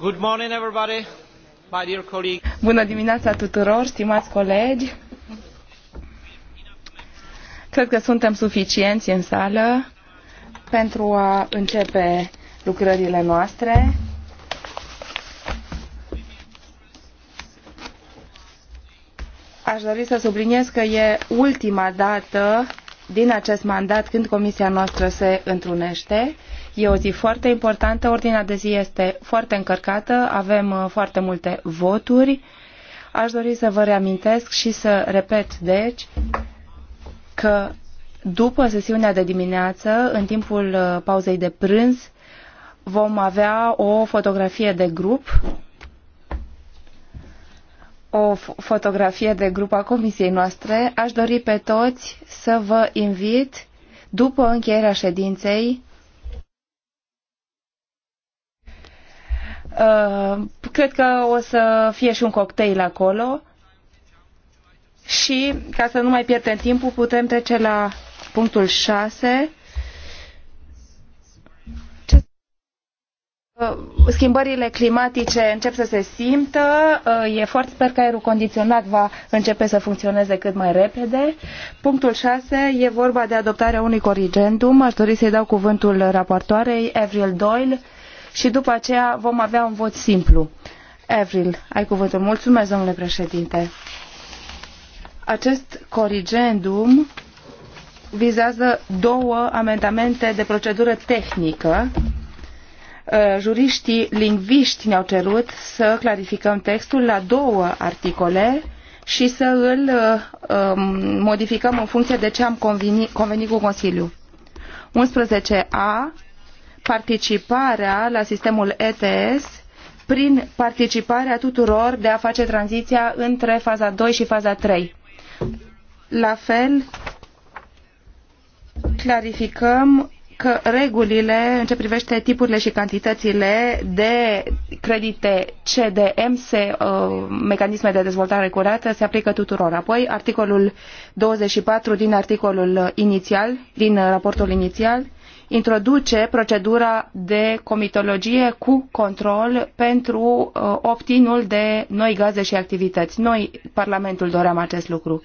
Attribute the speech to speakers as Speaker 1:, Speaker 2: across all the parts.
Speaker 1: Good morning everybody, my dear colleague.
Speaker 2: Bună dimineața tuturor, stimați colegi. Cred că suntem suficienți în sală pentru a începe lucrările noastre. Aș dori să subliniez că e ultima dată din acest mandat când comisia noastră se întrunește E o zi foarte importantă, ordinea de zi este foarte încărcată, avem uh, foarte multe voturi. Aș dori să vă reamintesc și să repet, deci, că după sesiunea de dimineață, în timpul uh, pauzei de prânz, vom avea o fotografie de grup, o fotografie de grup a comisiei noastre. Aș dori pe toți să vă invit, după încheierea ședinței, Uh, cred că o să fie și un cocktail acolo. Și, ca să nu mai pierdem timpul, putem trece la punctul 6. Uh, schimbările climatice încep să se simtă, uh, e foarte, sper că aerul condiționat va începe să funcționeze cât mai repede. Punctul 6 e vorba de adoptarea unui corrigendum. Aș dori să-i dau cuvântul rapoartoarei, Avril Doyle și după aceea vom avea un vot simplu. Avril, ai cuvântul. Mulțumesc, domnule președinte. Acest corigendum vizează două amendamente de procedură tehnică. Uh, juriștii lingviști ne-au cerut să clarificăm textul la două articole și să îl uh, um, modificăm în funcție de ce am convenit, cu Consiliul. 11a participarea la sistemul ETS prin participarea tuturor de a face tranziția între faza 2 și faza 3. La fel, clarificăm că regulile în ce privește tipurile și cantitățile de credite CDM, se, uh, mecanisme de dezvoltare curată, se aplică tuturor. Apoi, articolul 24 din articolul inițial, din raportul inițial, introduce procedura de comitologie cu control pentru uh, optinul de noi gaze și activități. Noi, Parlamentul, doream acest
Speaker 3: lucru.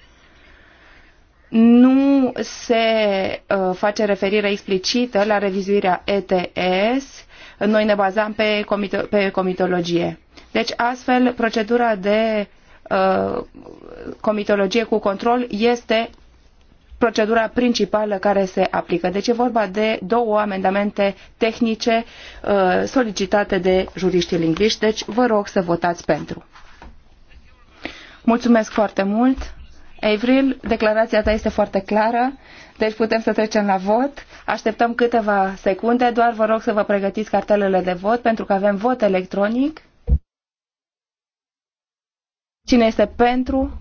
Speaker 3: Nu
Speaker 2: se uh, face referire explicită la revizuirea ETS. Noi ne bazam pe, comito- pe comitologie. Deci, astfel, procedura de uh, comitologie cu control este procedura principală care se aplică. Deci e vorba de două amendamente tehnice uh, solicitate de juriștii lingviști, deci vă rog să votați pentru. Mulțumesc foarte mult. Avril, declarația ta este foarte clară, deci putem să trecem la vot. Așteptăm câteva secunde, doar vă rog să vă pregătiți cartelele de vot pentru că avem vot electronic. Cine este pentru?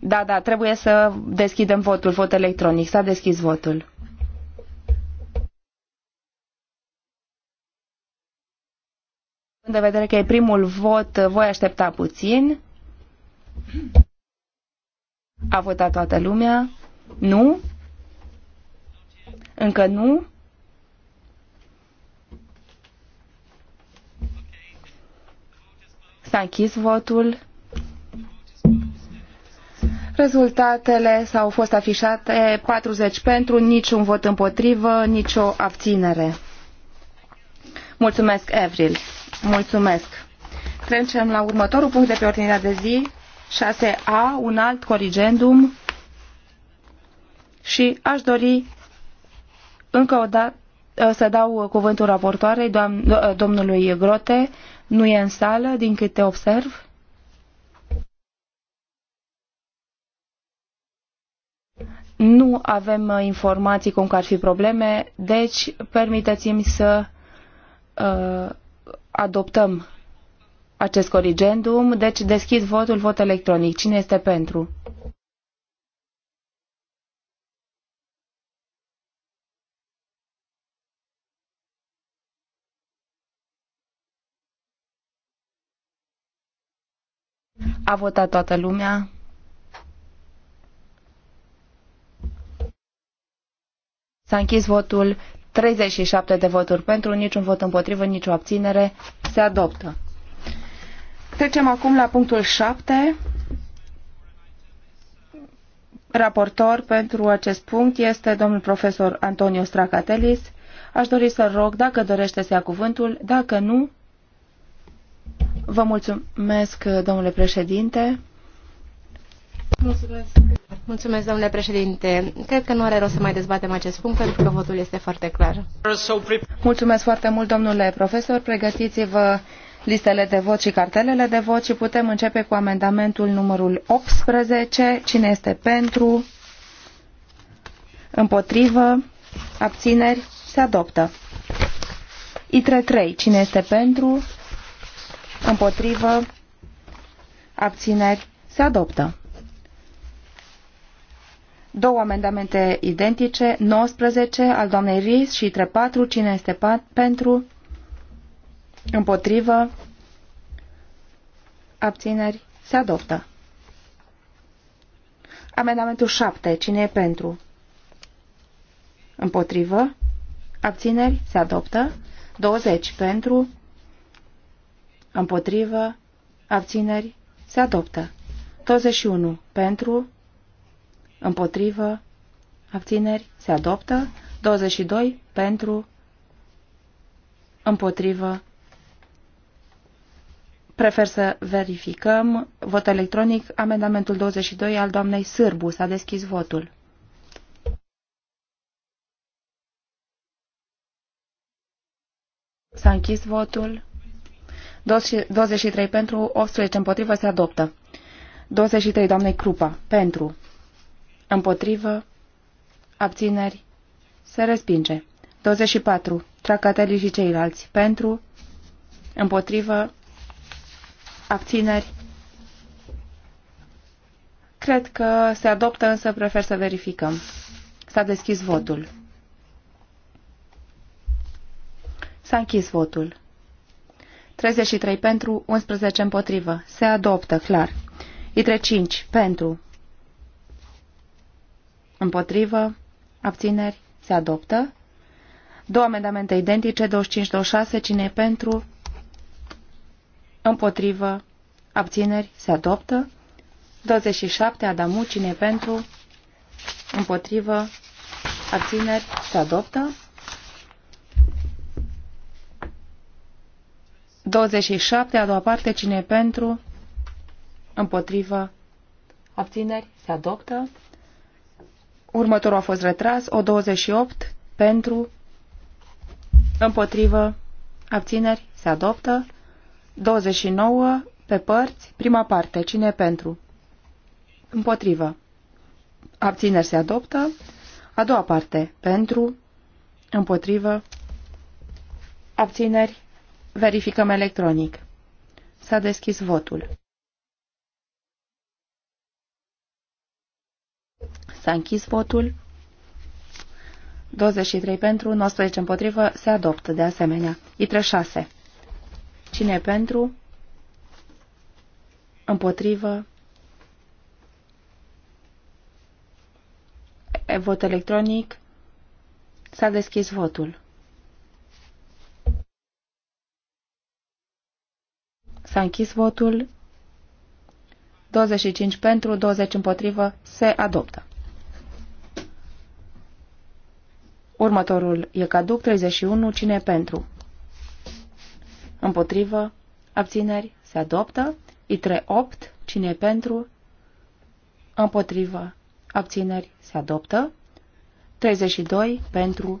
Speaker 2: Da, da, trebuie să deschidem votul, vot electronic. S-a deschis votul. de vedere că e primul vot, voi aștepta puțin. A votat toată lumea? Nu? Încă nu? S-a închis votul. Rezultatele s-au fost afișate 40 pentru, niciun vot împotrivă, nicio abținere. Mulțumesc, Evril. Mulțumesc. Trecem la următorul punct de pe ordinea de zi, 6A, un alt corigendum. Și aș dori încă o dată ă, să dau cuvântul raportoarei, ă, domnului Grote, nu e în sală, din câte observ. nu avem uh, informații cum că ar fi probleme, deci permiteți-mi să uh, adoptăm acest corigendum. Deci deschid votul, vot electronic. Cine este pentru? A votat toată lumea. S-a închis votul 37 de voturi pentru, niciun vot împotrivă, nicio abținere. Se adoptă. Trecem acum la punctul 7. Raportor pentru acest punct este domnul profesor Antonio Stracatelis. Aș dori să rog dacă dorește să ia cuvântul, dacă nu, vă mulțumesc, domnule președinte.
Speaker 3: Mulțumesc.
Speaker 4: Mulțumesc, domnule președinte. Cred că nu are rost să mai dezbatem acest punct, pentru că votul este foarte clar.
Speaker 2: Mulțumesc foarte mult, domnule profesor. Pregătiți-vă listele de vot și cartelele de vot și putem începe cu amendamentul numărul 18. Cine este pentru? Împotrivă? Abțineri? Se adoptă. ITRE 3. Cine este pentru? Împotrivă? Abțineri? Se adoptă. Două amendamente identice, 19 al doamnei Ries și 34, cine este pentru, împotrivă, abțineri, se adoptă. Amendamentul 7, cine e pentru, împotrivă, abțineri, se adoptă. 20 pentru, împotrivă, abțineri, se adoptă. 21 pentru, împotrivă, abțineri, se adoptă. 22 pentru, împotrivă, Prefer să verificăm. Vot electronic, amendamentul 22 al doamnei Sârbu. S-a deschis votul. S-a închis votul. 23 pentru, 18 împotrivă, se adoptă. 23, doamnei Crupa, pentru. Împotrivă. Abțineri. Se respinge. 24. Tracatelii și ceilalți. Pentru. Împotrivă. Abțineri. Cred că se adoptă, însă prefer să verificăm. S-a deschis votul. S-a închis votul. 33 pentru, 11 împotrivă. Se adoptă, clar. I35 pentru, Împotrivă. Abțineri. Se adoptă. Două amendamente identice, 25-26, cine e pentru? Împotrivă. Abțineri. Se adoptă. 27, Adamu, cine e pentru? Împotrivă. Abțineri. Se adoptă. 27, a doua parte, cine e pentru? Împotrivă. Abțineri. Se adoptă. Următorul a fost retras. O 28 pentru, împotrivă, abțineri, se adoptă. 29 pe părți, prima parte, cine pentru? Împotrivă. Abțineri se adoptă. A doua parte, pentru, împotrivă, abțineri, verificăm electronic. S-a deschis votul. S-a închis votul. 23 pentru, 19 împotrivă, se adoptă de asemenea. ITRE 6. Cine e pentru? Împotrivă. Vot electronic. S-a deschis votul. S-a închis votul. 25 pentru, 20 împotrivă, se adoptă. Următorul e caduc 31. Cine e pentru? Împotrivă. Abțineri. Se adoptă. I3 8. Cine e pentru? Împotrivă. Abțineri. Se adoptă. 32. Pentru.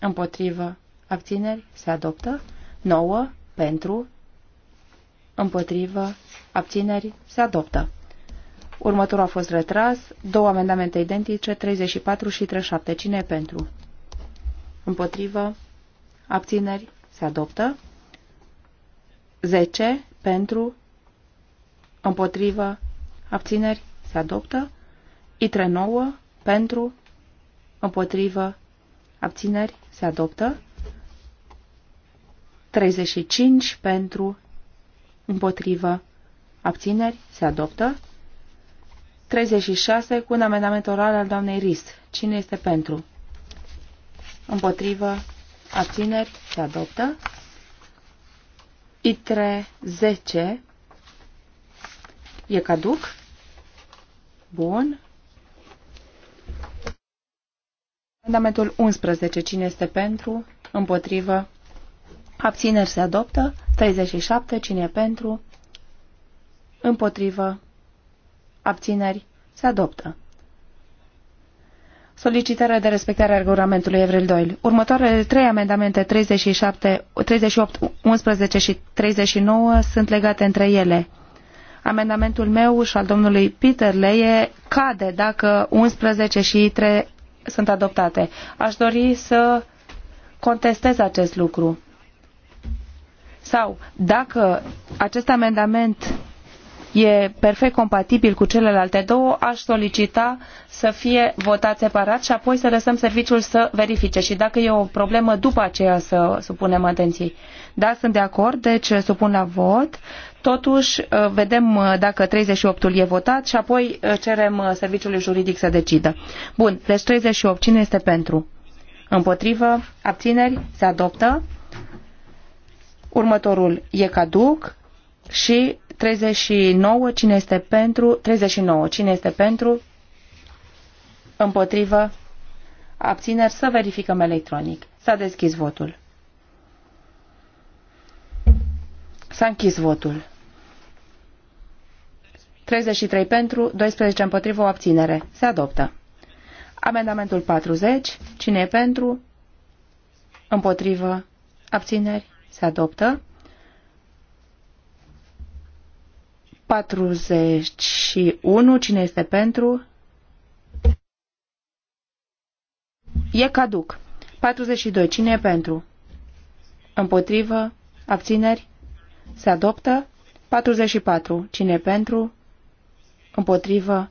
Speaker 2: Împotrivă. Abțineri. Se adoptă. 9. Pentru. Împotrivă. Abțineri. Se adoptă. Următorul a fost retras. Două amendamente identice, 34 și 37. Cine e pentru? Împotrivă. Abțineri. Se adoptă. 10 pentru. Împotrivă. Abțineri. Se adoptă. ITRE 9 pentru. Împotrivă. Abțineri. Se adoptă. 35 pentru. Împotrivă. Abțineri. Se adoptă. 36 cu un amendament oral al doamnei Ris. Cine este pentru? Împotrivă. Abțineri. Se adoptă. ITRE 10 e caduc. Bun. Amendamentul 11. Cine este pentru? Împotrivă. Abțineri se adoptă. 37. Cine e pentru? Împotrivă. Abțineri. Se adoptă. Solicitarea de respectare a regulamentului Evril Doyle. Următoarele trei amendamente 37, 38, 11 și 39 sunt legate între ele. Amendamentul meu și al domnului Peter Leie cade dacă 11 și 3 sunt adoptate. Aș dori să contestez acest lucru. Sau, dacă acest amendament e perfect compatibil cu celelalte două, aș solicita să fie votat separat și apoi să lăsăm serviciul să verifice și dacă e o problemă după aceea să supunem atenției. Da, sunt de acord, deci supun la vot. Totuși, uh, vedem uh, dacă 38-ul e votat și apoi uh, cerem serviciului juridic să decidă. Bun, deci 38. Cine este pentru? Împotrivă? Abțineri? Se adoptă? Următorul e caduc și 39, cine este pentru? 39, cine este pentru? Împotrivă? Abțineri? Să verificăm electronic. S-a deschis votul. S-a închis votul. 33 pentru, 12 împotrivă, o abținere. Se adoptă. Amendamentul 40. Cine e pentru? Împotrivă. Abțineri. Se adoptă. 41. Cine este pentru? E caduc. 42. Cine e pentru? Împotrivă? Abțineri? Se adoptă? 44. Cine e pentru? Împotrivă?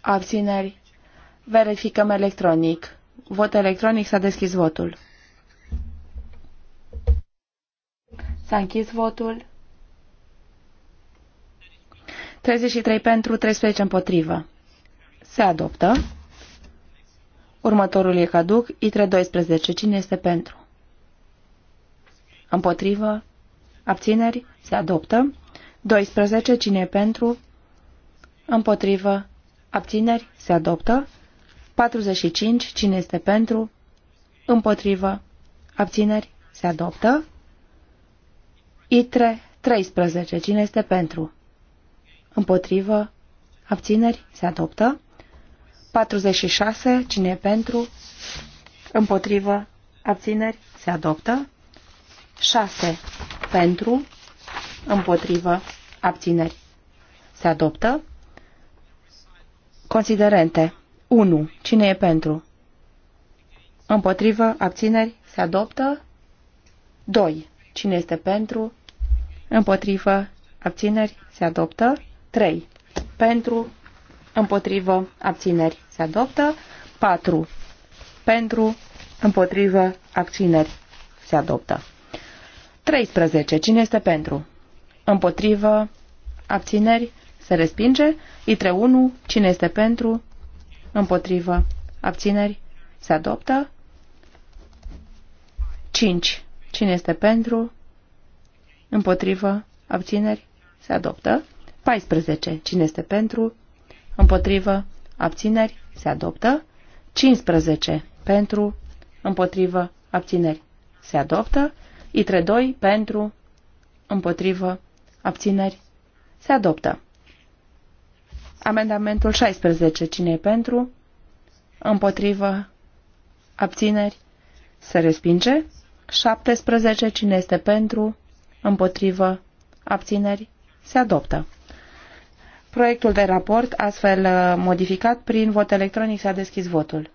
Speaker 2: Abțineri? Verificăm electronic. Vot electronic s-a deschis votul. S-a închis votul. 33 pentru, 13 împotrivă. Se adoptă. Următorul e caduc. ITRE 12. Cine este pentru? Împotrivă. Abțineri. Se adoptă. 12. Cine e pentru? Împotrivă. Abțineri. Se adoptă. 45. Cine este pentru? Împotrivă. Abțineri. Se adoptă. ITRE 13. Cine este pentru? Împotrivă. Abțineri. Se adoptă. 46. Cine e pentru? Împotrivă. Abțineri. Se adoptă. 6. Pentru. Împotrivă. Abțineri. Se adoptă. Considerente. 1. Cine e pentru? Împotrivă. Abțineri. Se adoptă. 2. Cine este pentru? Împotrivă. Abțineri. Se adoptă. 3. Pentru, împotrivă, abțineri se adoptă. 4. Pentru, împotrivă, abțineri se adoptă. 13. Cine este pentru? Împotrivă, abțineri se respinge. Itre 1. Cine este pentru? Împotrivă, abțineri se adoptă. 5. Cine este pentru? Împotrivă, abțineri se adoptă. 14. Cine este pentru? Împotrivă. Abțineri. Se adoptă. 15. Pentru. Împotrivă. Abțineri. Se adoptă. ITRE 2. Pentru. Împotrivă. Abțineri. Se adoptă. Amendamentul 16. Cine e pentru? Împotrivă. Abțineri. Se respinge. 17. Cine este pentru? Împotrivă. Abțineri. Se adoptă. Proiectul de raport, astfel uh, modificat prin vot electronic, s-a deschis votul.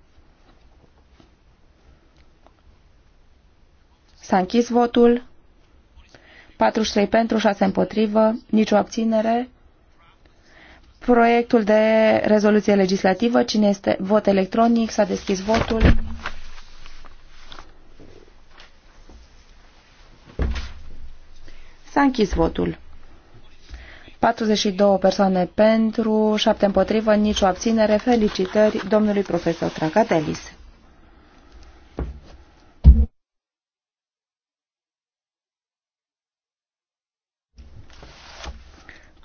Speaker 2: S-a închis votul. 43 pentru, 6 împotrivă, nicio abținere. Proiectul de rezoluție legislativă, cine este vot electronic, s-a deschis votul. S-a închis votul. 42 persoane pentru, 7 împotrivă, nicio abținere. Felicitări domnului profesor Tracatelis.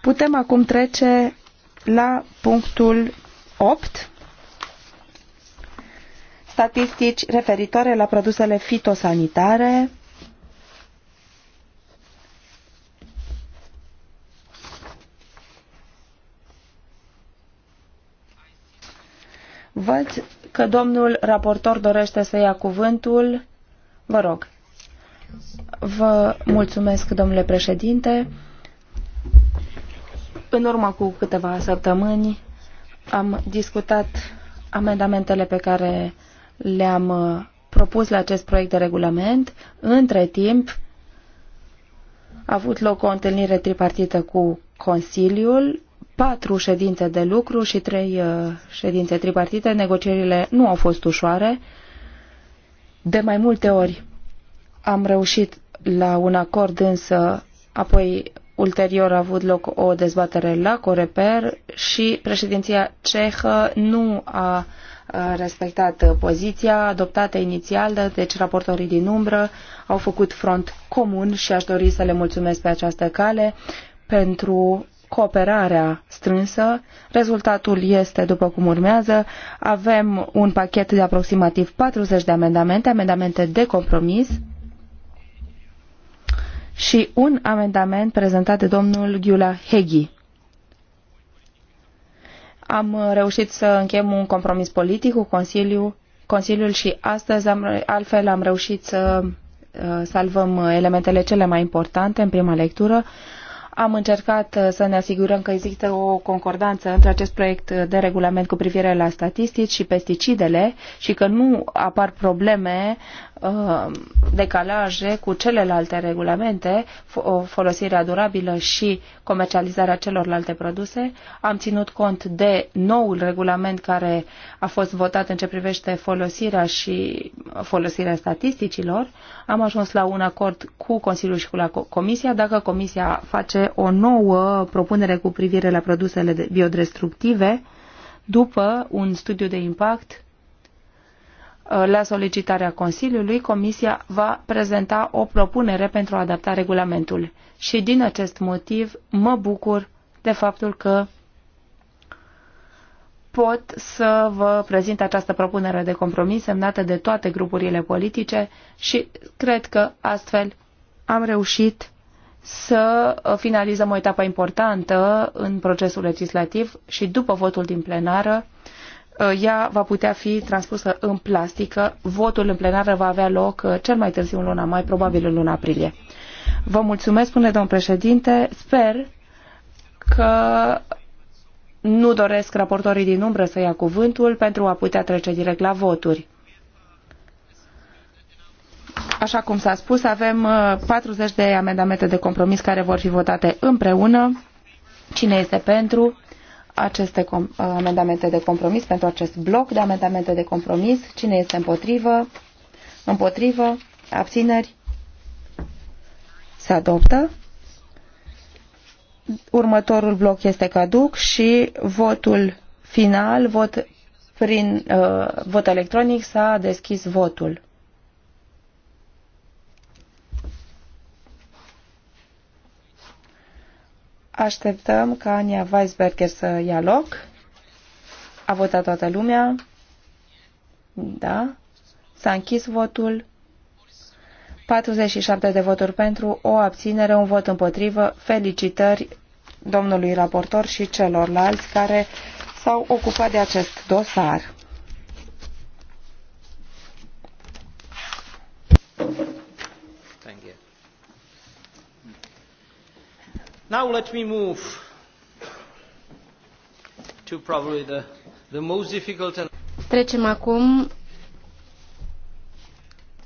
Speaker 2: Putem acum trece la punctul 8. Statistici referitoare la produsele fitosanitare. Văd că domnul raportor dorește să ia cuvântul. Vă rog. Vă mulțumesc, domnule președinte. În urmă cu câteva săptămâni am discutat amendamentele pe care le-am uh, propus la acest proiect de regulament. Între timp, a avut loc o întâlnire tripartită cu Consiliul patru ședințe de lucru și trei uh, ședințe tripartite. Negocierile nu au fost ușoare. De mai multe ori am reușit la un acord, însă apoi ulterior a avut loc o dezbatere la Coreper și președinția cehă nu a respectat poziția adoptată inițial, deci raportorii din umbră au făcut front comun și aș dori să le mulțumesc pe această cale pentru cooperarea strânsă. Rezultatul este după cum urmează. Avem un pachet de aproximativ 40 de amendamente, amendamente de compromis și un amendament prezentat de domnul Ghiula Heghi. Am reușit să încheiem un compromis politic cu Consiliul, Consiliul și astăzi am, altfel am reușit să uh, salvăm elementele cele mai importante în prima lectură am încercat uh, să ne asigurăm că există o concordanță între acest proiect de regulament cu privire la statistici și pesticidele și că nu apar probleme Uh, decalaje cu celelalte regulamente, folosirea durabilă și comercializarea celorlalte produse. Am ținut cont de noul regulament care a fost votat în ce privește folosirea și folosirea statisticilor. Am ajuns la un acord cu Consiliul și cu la Comisia. Dacă Comisia face o nouă propunere cu privire la produsele biodestructive, după un studiu de impact Uh, la solicitarea Consiliului, Comisia va prezenta o propunere pentru a adapta regulamentul. Și din acest motiv mă bucur de faptul că pot să vă prezint această propunere de compromis semnată de toate grupurile politice și cred că astfel am reușit să finalizăm o etapă importantă în procesul legislativ și după votul din plenară Uh, ea va putea fi transpusă în plastică. Votul în plenară va avea loc uh, cel mai târziu în luna mai, probabil în luna aprilie. Vă mulțumesc, spune domn președinte. Sper că nu doresc raportorii din umbră să ia cuvântul pentru a putea trece direct la voturi. Așa cum s-a spus, avem 40 uh, de amendamente de compromis care vor fi votate împreună. Cine este pentru? aceste amendamente de compromis, pentru acest bloc de amendamente de compromis. Cine este împotrivă? Împotrivă? Abțineri? Se adoptă. Următorul bloc este caduc și votul final, vot prin uh, vot electronic, s-a deschis votul. Așteptăm ca Ania Weisberger să ia loc. A votat toată lumea. Da. S-a închis votul. 47 de voturi pentru, o abținere, un vot împotrivă. Felicitări domnului raportor și celorlalți care s-au ocupat de acest dosar.
Speaker 1: Now let me move to probably the, the most difficult and
Speaker 4: Trecem acum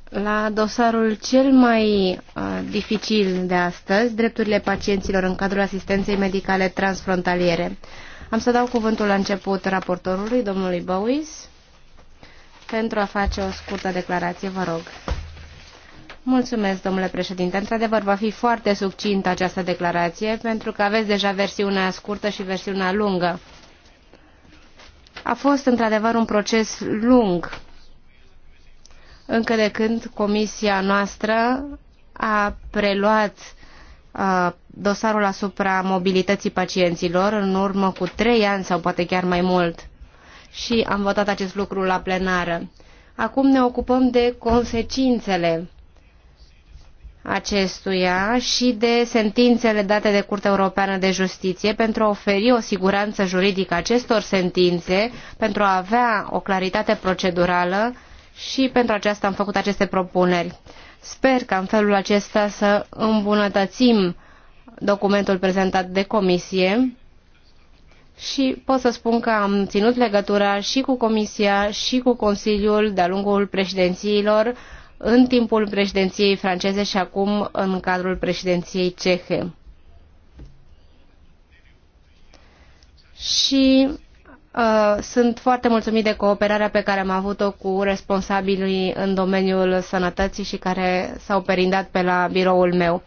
Speaker 4: la dosarul cel mai uh, dificil de astăzi, drepturile pacienților în cadrul asistenței medicale transfrontaliere. Am să dau cuvântul la început raportorului, domnului Bowis, pentru a face o scurtă declarație, vă rog. Mulțumesc, domnule președinte. Într-adevăr, va fi foarte succintă această declarație, pentru că aveți deja versiunea scurtă și versiunea lungă. A fost, într-adevăr, un proces lung, încă de când comisia noastră a preluat uh, dosarul asupra mobilității pacienților în urmă cu trei ani sau poate chiar mai mult. Și am votat acest lucru la plenară. Acum ne ocupăm de consecințele acestuia și de sentințele date de Curtea Europeană de Justiție pentru a oferi o siguranță juridică acestor sentințe, pentru a avea o claritate procedurală și pentru aceasta am făcut aceste propuneri. Sper că în felul acesta să îmbunătățim documentul prezentat de comisie și pot să spun că am ținut legătura și cu comisia și cu Consiliul de-a lungul președințiilor în timpul președinției franceze și acum în cadrul președinției cehe. Și uh, sunt foarte mulțumit de cooperarea pe care am avut-o cu responsabilii în domeniul sănătății și care s-au perindat pe la biroul meu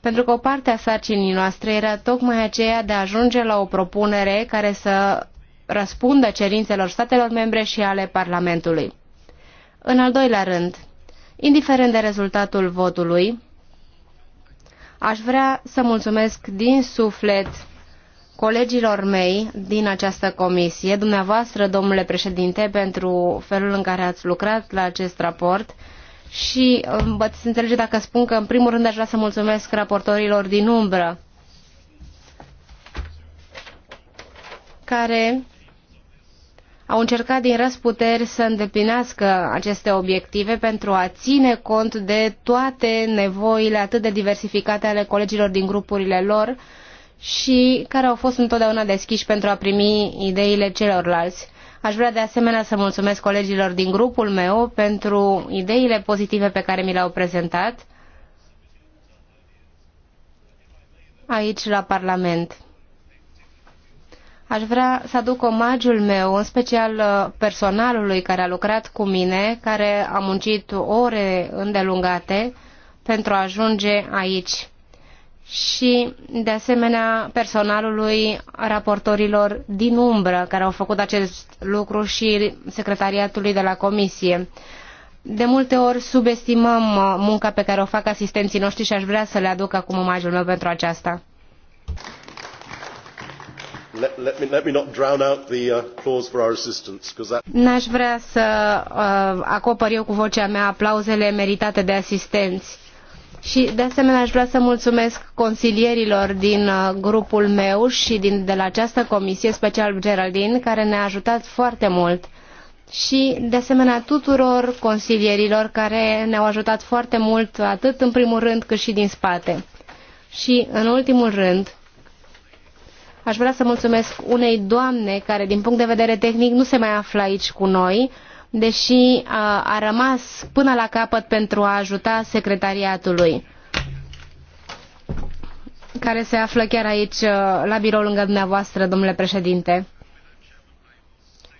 Speaker 4: pentru că o parte a sarcinii noastre era tocmai aceea de a ajunge la o propunere care să răspundă cerințelor statelor membre și ale Parlamentului. În al doilea rând, Indiferent de rezultatul votului, aș vrea să mulțumesc din suflet colegilor mei din această comisie, dumneavoastră, domnule președinte, pentru felul în care ați lucrat la acest raport și vă înțelege dacă spun că, în primul rând, aș vrea să mulțumesc raportorilor din umbră, care au încercat din răsputeri să îndeplinească aceste obiective pentru a ține cont de toate nevoile atât de diversificate ale colegilor din grupurile lor și care au fost întotdeauna deschiși pentru a primi ideile celorlalți. Aș vrea de asemenea să mulțumesc colegilor din grupul meu pentru ideile pozitive pe care mi le-au prezentat aici la Parlament. Aș vrea să aduc omagiul meu, în special uh, personalului care a lucrat cu mine, care a muncit ore îndelungate pentru a ajunge aici. Și, de asemenea, personalului raportorilor din umbră care au făcut acest lucru și secretariatului de la comisie. De multe ori subestimăm uh, munca pe care o fac asistenții noștri și aș vrea să le aduc acum omagiul meu pentru aceasta
Speaker 3: let, me, let me not drown out the uh, applause for our assistance. That... N-aș vrea
Speaker 4: să uh, acopăr eu cu vocea mea aplauzele meritate de asistenți. Și de asemenea aș vrea să mulțumesc consilierilor din uh, grupul meu și din, de la această comisie, special Geraldine, care ne-a ajutat foarte mult și de asemenea tuturor consilierilor care ne-au ajutat foarte mult atât în primul rând cât și din spate. Și în ultimul rând Aș vrea să mulțumesc unei doamne care, din punct de vedere tehnic, nu se mai află aici cu noi, deși a rămas până la capăt pentru a ajuta secretariatului, care se află chiar aici, la birou lângă dumneavoastră, domnule președinte.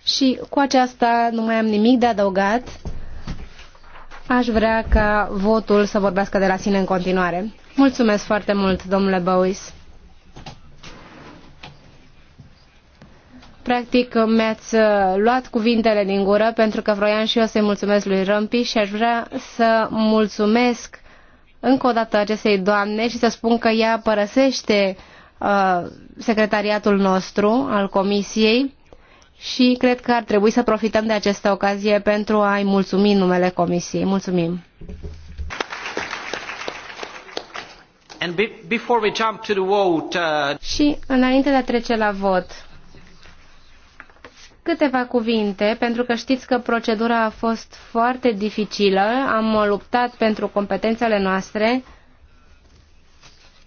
Speaker 4: Și cu aceasta nu mai am nimic de adăugat. Aș vrea ca votul să vorbească de la sine în continuare. Mulțumesc foarte mult, domnule Bowis. Practic, mi-ați uh, luat cuvintele din gură pentru că vroiam și eu să-i mulțumesc lui Râmpi și aș vrea să mulțumesc încă o dată acestei doamne și să spun că ea părăsește uh, secretariatul nostru al comisiei și cred că ar trebui să profităm de această ocazie pentru a-i mulțumi numele comisiei. Mulțumim!
Speaker 1: And be before we jump to the vote, uh...
Speaker 4: Și înainte de a trece la vot, Câteva cuvinte, pentru că știți că procedura a fost foarte dificilă, am luptat pentru competențele noastre.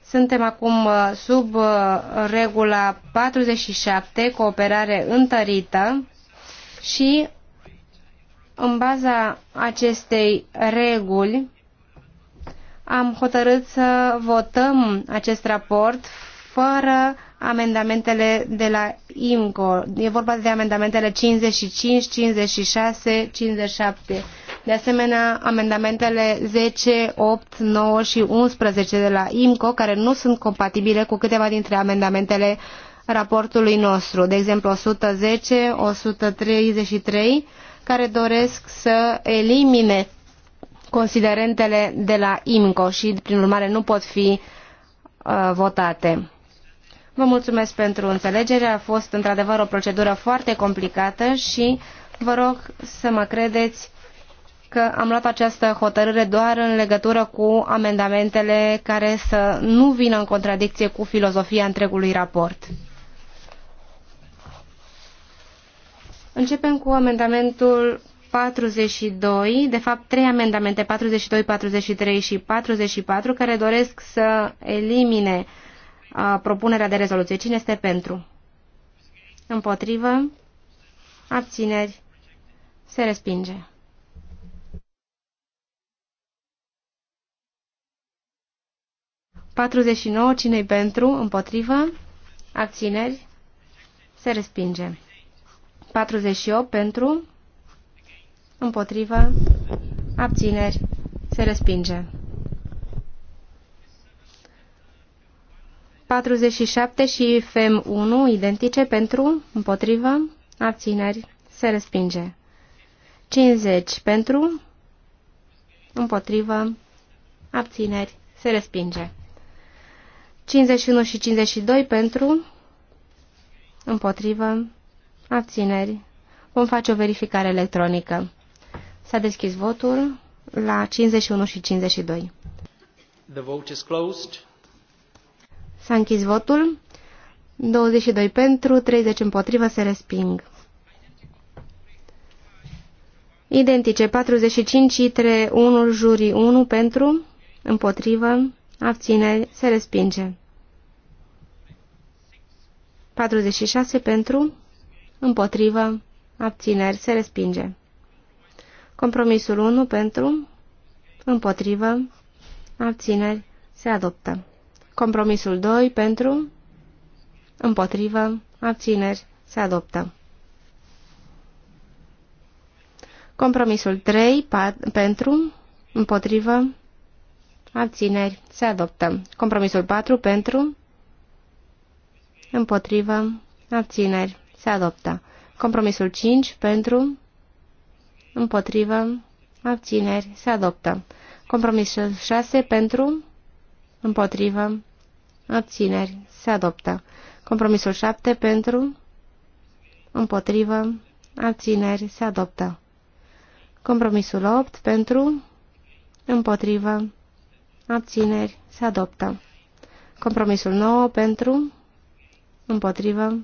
Speaker 4: Suntem acum uh, sub uh, regula 47, cooperare întărită și în baza acestei reguli am hotărât să votăm acest raport fără amendamentele de la IMCO. E vorba de amendamentele 55, 56, 57. De asemenea, amendamentele 10, 8, 9 și 11 de la IMCO, care nu sunt compatibile cu câteva dintre amendamentele raportului nostru. De exemplu, 110, 133, care doresc să elimine considerentele de la IMCO și, prin urmare, nu pot fi uh, votate. Vă mulțumesc pentru înțelegere, a fost într-adevăr o procedură foarte complicată și vă rog să mă credeți că am luat această hotărâre doar în legătură cu amendamentele care să nu vină în contradicție cu filozofia întregului raport. Începem cu amendamentul 42, de fapt trei amendamente, 42, 43 și 44, care doresc să elimine uh, propunerea de rezoluție. Cine este pentru? Împotrivă? Abțineri? Se respinge. Patruzeci nouă. Cine-i pentru? Împotrivă? Abțineri? Se respinge. 48 pentru, împotrivă, abțineri, se respinge. 47 și FEM 1 identice pentru, împotrivă, abțineri, se respinge. 50 pentru, împotrivă, abțineri, se respinge. 51 și 52 pentru, împotrivă, abțineri. Vom face o verificare electronică. S-a deschis votul la 51 și 52.
Speaker 1: The vote is closed.
Speaker 4: S-a închis votul. 22 pentru, 30 împotrivă, se resping. Identice, 45, 3, 1, jurii 1 pentru, împotrivă, abține, se respinge. 46 pentru, împotrivă, abțineri, se respinge. Compromisul 1 pentru, împotrivă, abțineri, se adoptă. Compromisul 2 pentru, împotrivă, abțineri, se adoptă. Compromisul 3 pentru, împotrivă, abțineri, se adoptă. Compromisul 4 pentru, împotrivă, abțineri, se adoptă. Compromisul 5 pentru, împotrivă, abțineri, se adoptă. Compromisul 6 pentru, Împotrivă. Abțineri. Se adoptă. Compromisul 7 pentru. Împotrivă. Abțineri. Se adoptă. Compromisul 8 pentru. Împotrivă. Abțineri. Se adoptă. Compromisul 9 pentru. Împotrivă.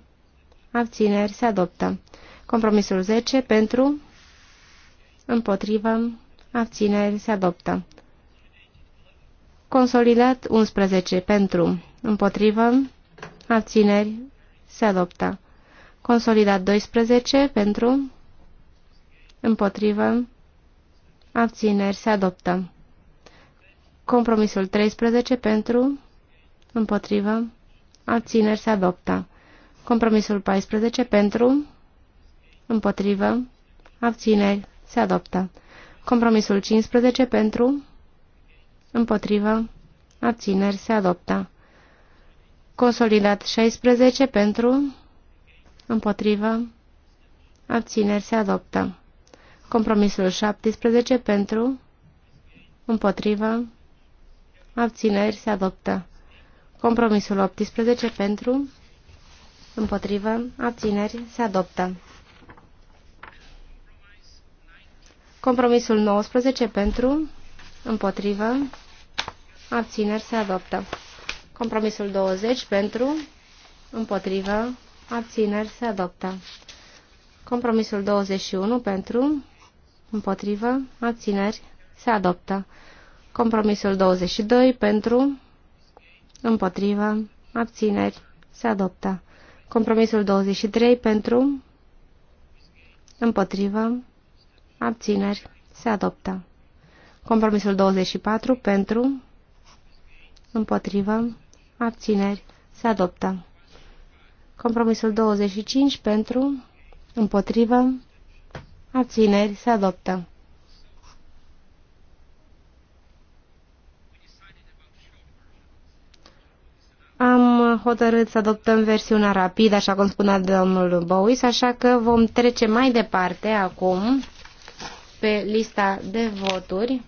Speaker 4: Abțineri. Se adoptă. Compromisul 10 pentru. Împotrivă. Abțineri. Se adoptă. Consolidat 11 pentru, împotrivă, abțineri, se adoptă. Consolidat 12 pentru, împotrivă, abțineri, se adoptă. Compromisul 13 pentru, împotrivă, abțineri, se adoptă. Compromisul 14 pentru, împotrivă, abțineri, se adoptă. Compromisul 15 pentru, împotrivă, abțineri se adoptă. Consolidat 16 pentru, împotrivă, abțineri se adoptă. Compromisul 17 pentru, împotrivă, abțineri se adoptă. Compromisul 18 pentru, împotrivă, abțineri se adoptă. Compromisul 19 pentru, Împotrivă. Abțineri se adoptă. Compromisul 20 pentru. Împotrivă. Abțineri se adoptă. Compromisul 21 pentru. Împotrivă. Abțineri se adoptă. Compromisul 22 pentru. Împotrivă. Abțineri se adoptă. Compromisul 23 pentru. Împotrivă. Abțineri se adoptă. Compromisul 24 pentru, împotrivă, abțineri, se adoptă. Compromisul 25 pentru, împotrivă, abțineri, se adoptă. Am hotărât să adoptăm versiunea rapidă, așa cum spunea domnul Bowis, așa că vom trece mai departe acum pe lista de voturi.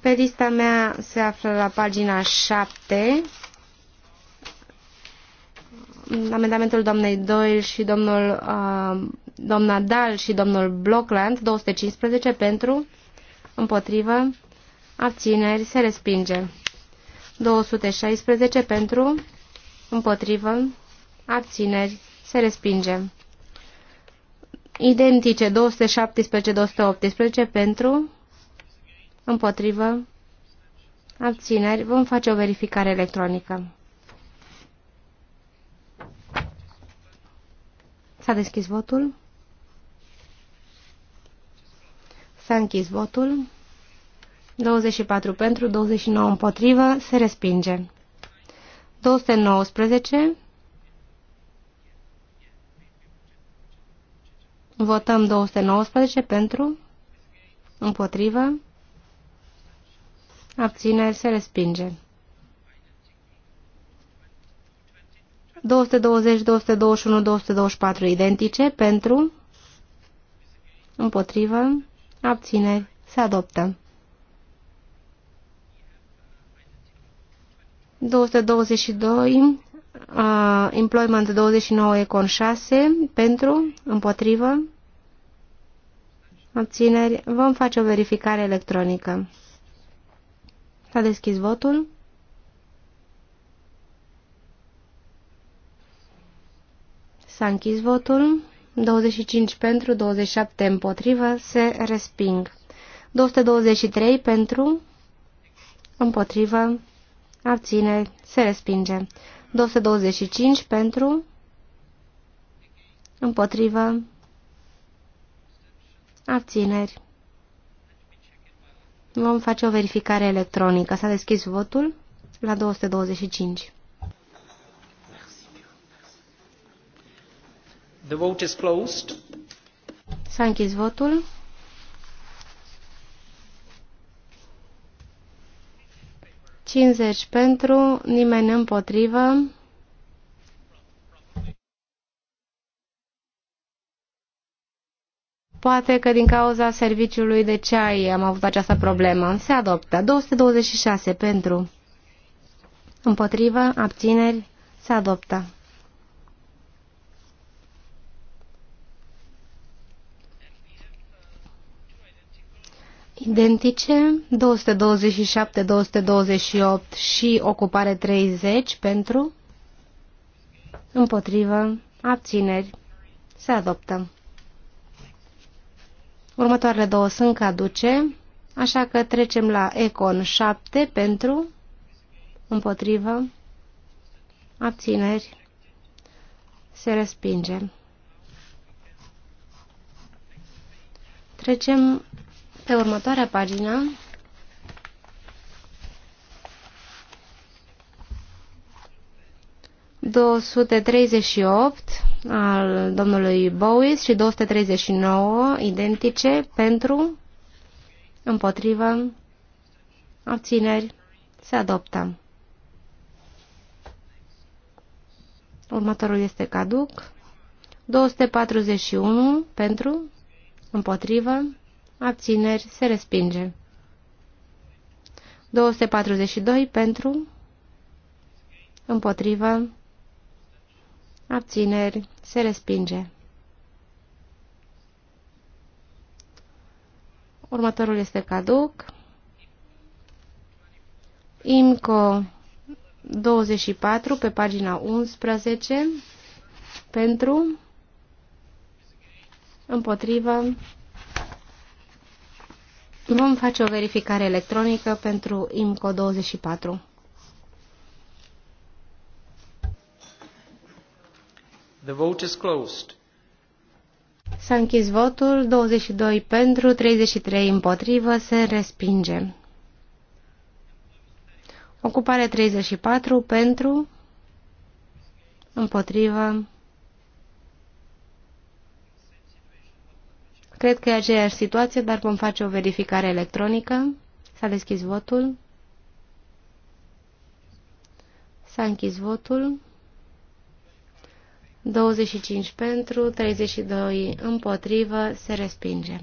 Speaker 4: Pe lista mea se află la pagina 7 amendamentul doamnei Doyle și domnul, uh, doamna Dal și domnul Blockland, 215 pentru, împotrivă, abțineri, se respinge. 216 pentru, împotrivă, abțineri, se respinge. Identice, 217-218 pentru, Împotrivă? Abțineri. Vom face o verificare electronică. S-a deschis votul. S-a închis votul. 24 pentru, 29 împotrivă, se respinge. 219. Votăm 219 pentru, împotrivă, abține, se respinge. 220, 221, 224 identice pentru, împotrivă, abține, se adoptă. 222, uh, employment 29 econ 6 pentru, împotrivă, abțineri, vom face o verificare electronică. S-a deschis votul. S-a închis votul. 25 pentru, 27 împotrivă, se resping. 223 pentru, împotrivă, abține, se respinge. 225 pentru, împotrivă, abțineri. Vom face o verificare electronică. S-a deschis votul la 225.
Speaker 1: The vote is closed.
Speaker 4: S-a închis votul. Cincizeci pentru, nimeni împotrivă. Poate că din cauza serviciului de ceai am avut această problemă. Se adoptă. 226 pentru. Împotrivă, abțineri, se adoptă. Identice, 227, 228 și ocupare 30 pentru, împotrivă, abțineri, se adoptă. Următoarele două sunt caduce, așa că trecem la Econ 7 pentru, împotrivă, abțineri, se respinge. Trecem pe următoarea pagină. ...238 al domnului Bowis și 239 identice pentru, împotrivă, abțineri, se adoptă. Următorul este caduc. 241 pentru, împotrivă, abțineri, se respinge. 242 pentru, împotrivă, abțineri, se respinge. Următorul este caduc. IMCO 24 pe pagina 11 pentru împotrivă vom face o verificare electronică pentru IMCO 24.
Speaker 1: The vote is closed.
Speaker 4: S-a închis votul, 22 pentru, 33 împotrivă, se respinge. Ocupare 34 pentru, împotrivă. Cred că e aceeași situație, dar vom face o verificare electronică. S-a deschis votul. S-a închis votul. 25 pentru, 32 împotrivă, se respinge.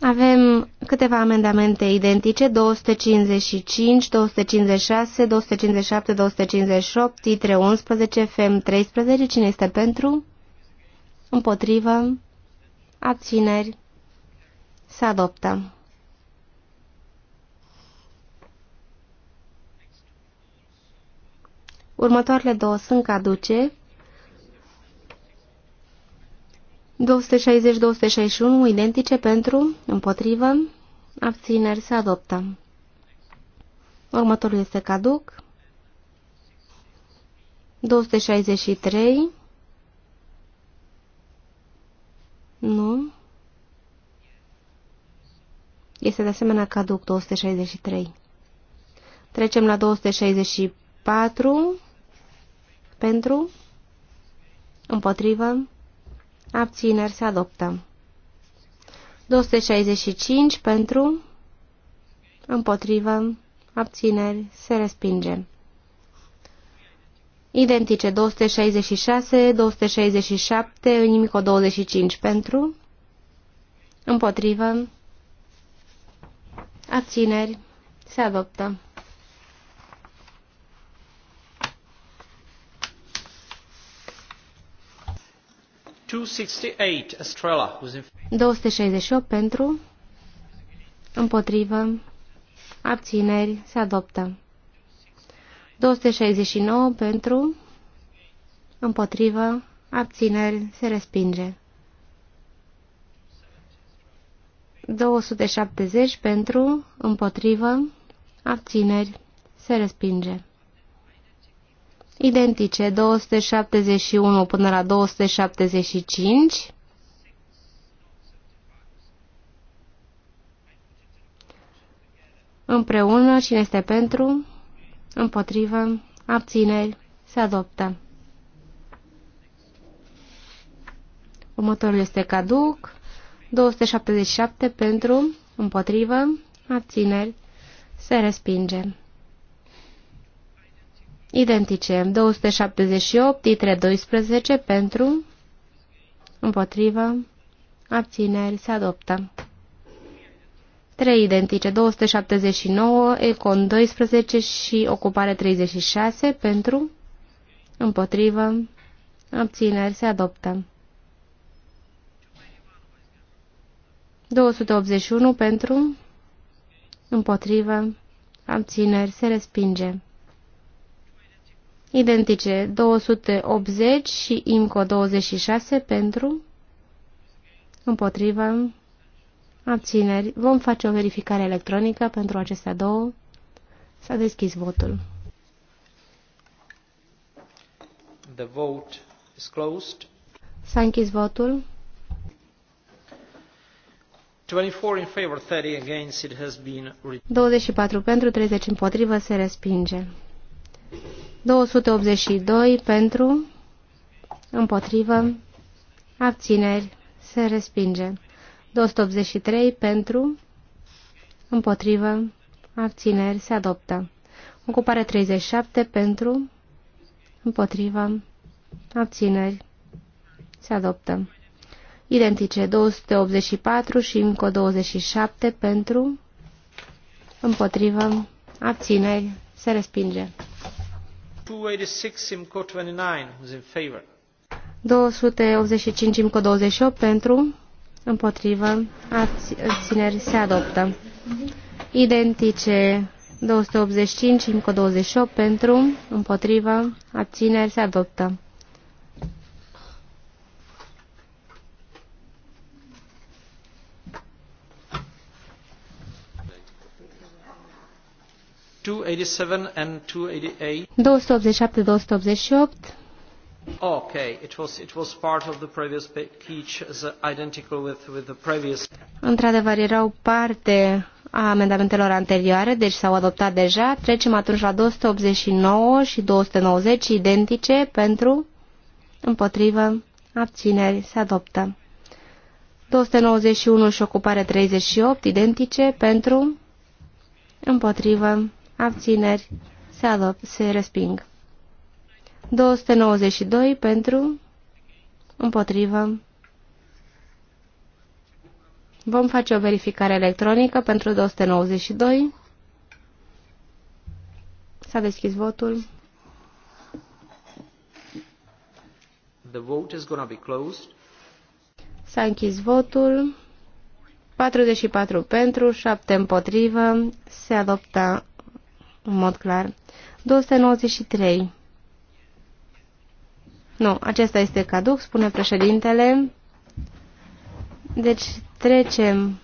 Speaker 4: Avem câteva amendamente identice, 255, 256, 257, 258, titre 11, FEM 13. Cine este pentru? Împotrivă? Abțineri? Se adoptă. Următoarele două sunt caduce. 260-261 identice pentru, împotrivă, abțineri se adoptă. Următorul este caduc. 263. Nu. Este de asemenea caduc 263. Trecem la 264. Pentru, împotrivă, abțineri se adoptă. 265 pentru, împotrivă, abțineri se respinge. Identice 266, 267, o 25 pentru, împotrivă, abțineri se adoptă.
Speaker 1: 268
Speaker 4: pentru, împotrivă, abțineri, se adoptă. 269 pentru, împotrivă, abțineri, se respinge. 270 pentru, împotrivă, abțineri, se respinge. Identice 271 până la 275. Împreună, cine este pentru, împotrivă, abțineri, se adoptă. Următorul este caduc. 277 pentru, împotrivă, abțineri, se respinge. Identice. 278, ITRE 12 pentru, împotrivă, abțineri, se adoptă. 3 identice, 279, Econ 12 și Ocupare 36 pentru, împotrivă, abțineri, se adoptă. 281 pentru, împotrivă, abțineri, se respinge. Identice 280 și IMCO 26 pentru, împotrivă, abțineri. Vom face o verificare electronică pentru acestea două. S-a deschis votul.
Speaker 1: The vote is closed.
Speaker 4: S-a închis votul.
Speaker 1: 24, in favor, 30 against, it has been... 24
Speaker 4: pentru, 30 împotrivă, se respinge. 282 pentru, împotrivă, abțineri, se respinge. 283 pentru, împotrivă, abțineri, se adoptă. Ocupare 37 pentru, împotrivă, abțineri, se adoptă. Identice 284 și încă 27 pentru, împotrivă, abțineri, se respinge.
Speaker 1: 286 29 is in favor.
Speaker 4: 285 IMCO 28 pentru, împotrivă, abțineri se adoptă. Identice 285 IMCO 28 pentru, împotrivă, abțineri se adoptă.
Speaker 1: 287
Speaker 4: 288.
Speaker 1: Okay, it was it was part of the previous identical with with the previous.
Speaker 4: Într-adevăr, erau parte a amendamentelor anterioare, deci s-au adoptat deja. Trecem atunci la 289 și 290 identice pentru împotrivă abțineri se adoptă. 291 și ocupare 38 identice pentru împotrivă abțineri, se adop, se resping. 292 pentru, împotrivă. Vom face o verificare electronică pentru 292. S-a deschis votul.
Speaker 1: The vote is gonna be closed.
Speaker 4: S-a închis votul. 44 pentru, 7 împotrivă. Se adoptă în mod clar. 293. Nu, acesta este caduc, spune președintele. Deci trecem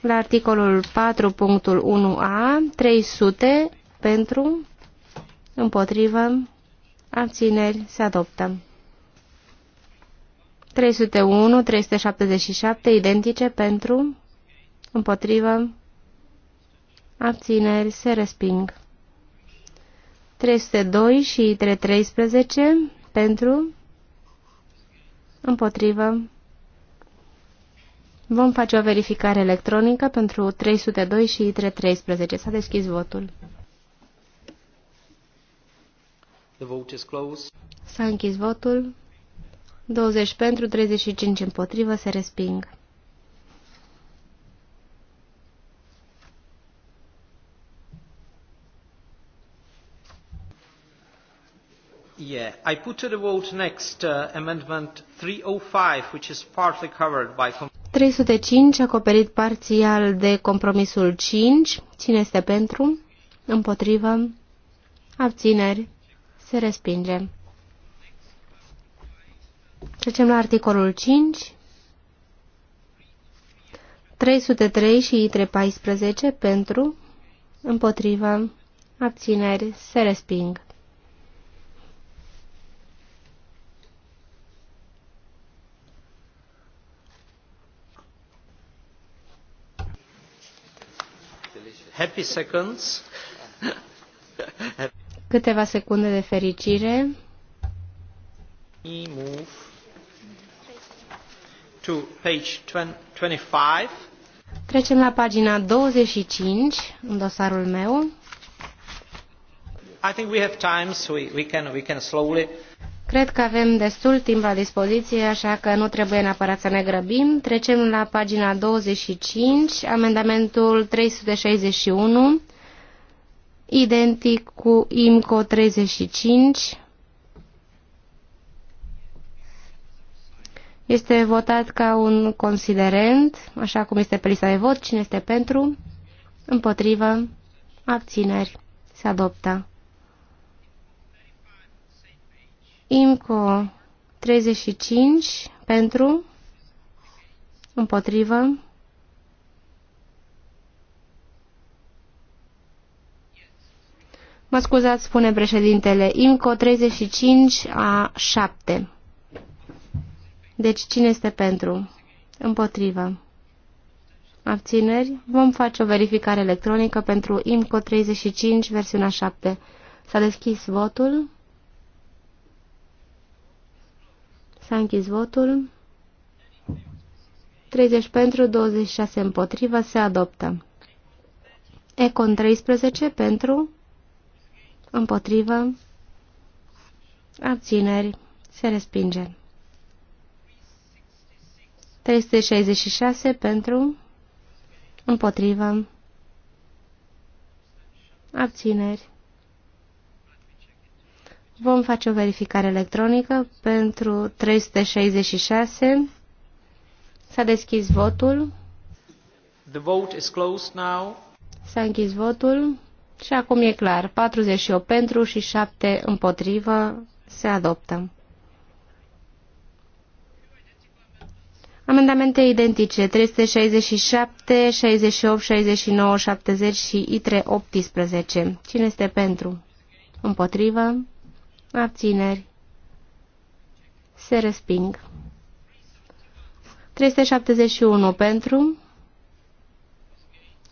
Speaker 4: la articolul 4.1a, 300 pentru, împotrivă, abțineri, se adoptă. 301, 377, identice pentru, împotrivă, abțineri, se resping. 302 și 313 pentru, împotrivă. Vom face o verificare electronică pentru 302 și 313. S-a deschis votul. S-a închis votul. 20 pentru, 35 împotrivă, se resping.
Speaker 1: Yeah, I put to the vote next uh, amendment 305, which is partly covered by.
Speaker 4: 305 acoperit parțial de compromisul 5. Cine este pentru? Împotrivă? Abțineri? Se respinge. Trecem la articolul 5. 303 și 314 pentru, împotrivă, abțineri, se resping. Câteva secunde de fericire. Trecem la pagina 25 în dosarul meu.
Speaker 1: I think we have time, so we, we can we can slowly
Speaker 4: Cred că avem destul timp la dispoziție, așa că nu trebuie neapărat să ne grăbim. Trecem la pagina 25, amendamentul 361, identic cu IMCO 35. Este votat ca un considerent, așa cum este pe lista de vot. Cine este pentru? Împotrivă? Abțineri. Se adoptă. IMCO 35 pentru, împotrivă, Mă scuzați, spune președintele, IMCO 35 a 7. Deci cine este pentru? Împotrivă. Abțineri? Vom face o verificare electronică pentru IMCO 35, versiunea 7. S-a deschis votul. S-a închis votul. 30 pentru, 26 împotrivă, se adoptă. Econ 13 pentru, împotrivă, abțineri, se respinge. 366 pentru, împotrivă, abțineri. Vom face o verificare electronică pentru 366. S-a deschis votul.
Speaker 1: The vote is closed now.
Speaker 4: S-a închis votul și acum e clar. 48 pentru și 7 împotrivă se adoptă. Amendamente identice 367, 68, 69, 70 și ITRE 18. Cine este pentru? Împotrivă? abțineri, se resping. 371 pentru,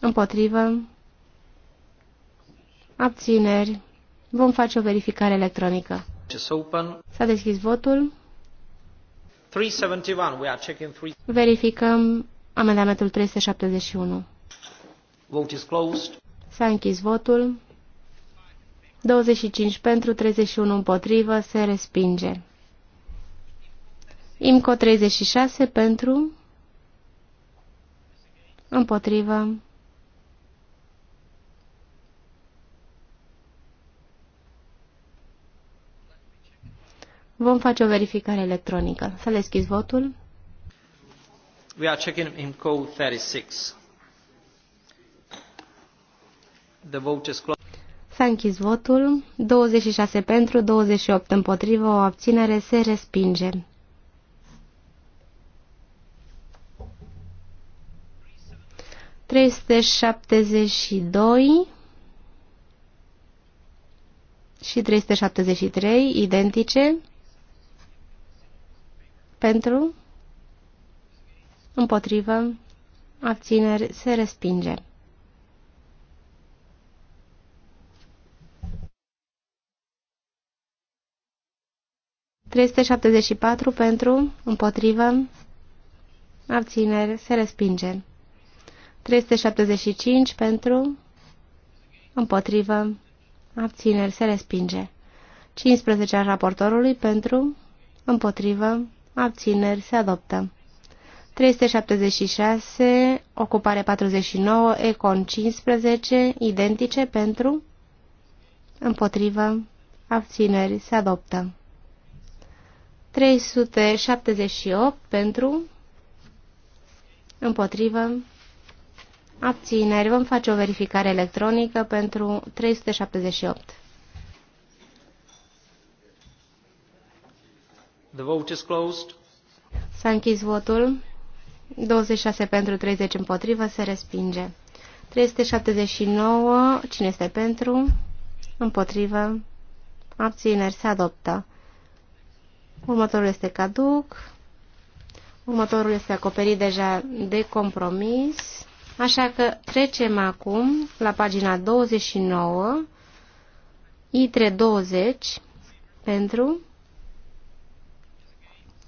Speaker 4: împotrivă, abțineri. Vom face o verificare electronică. S-a deschis votul.
Speaker 1: 371. We are checking three...
Speaker 4: Verificăm amendamentul 371.
Speaker 1: Vote is closed.
Speaker 4: S-a închis votul. 25 pentru, 31 împotrivă, se respinge. IMCO 36 pentru, împotrivă. Vom face o verificare electronică. Să deschizi votul.
Speaker 1: We are checking code 36. The vote is closed.
Speaker 4: S-a închis votul. 26 pentru, 28 împotrivă, o abținere se respinge. Trei și doi și trei trei identice, pentru, împotrivă, abțineri, se respinge. 374 pentru, împotrivă, abțineri, se respinge. 375 pentru, împotrivă, abțineri, se respinge. 15 al raportorului pentru, împotrivă, abțineri, se adoptă. 376, ocupare 49, econ 15, identice pentru, împotrivă, abțineri, se adoptă. 378 pentru, împotrivă, abțineri. Vom face o verificare electronică pentru 378.
Speaker 1: The vote is closed.
Speaker 4: S-a închis votul. 26 pentru, 30 împotrivă, se respinge. 379, cine este pentru? Împotrivă. Abțineri, se adoptă. Următorul este caduc. Următorul este acoperit deja de compromis. Așa că trecem acum la pagina 29, ITRE 20, pentru,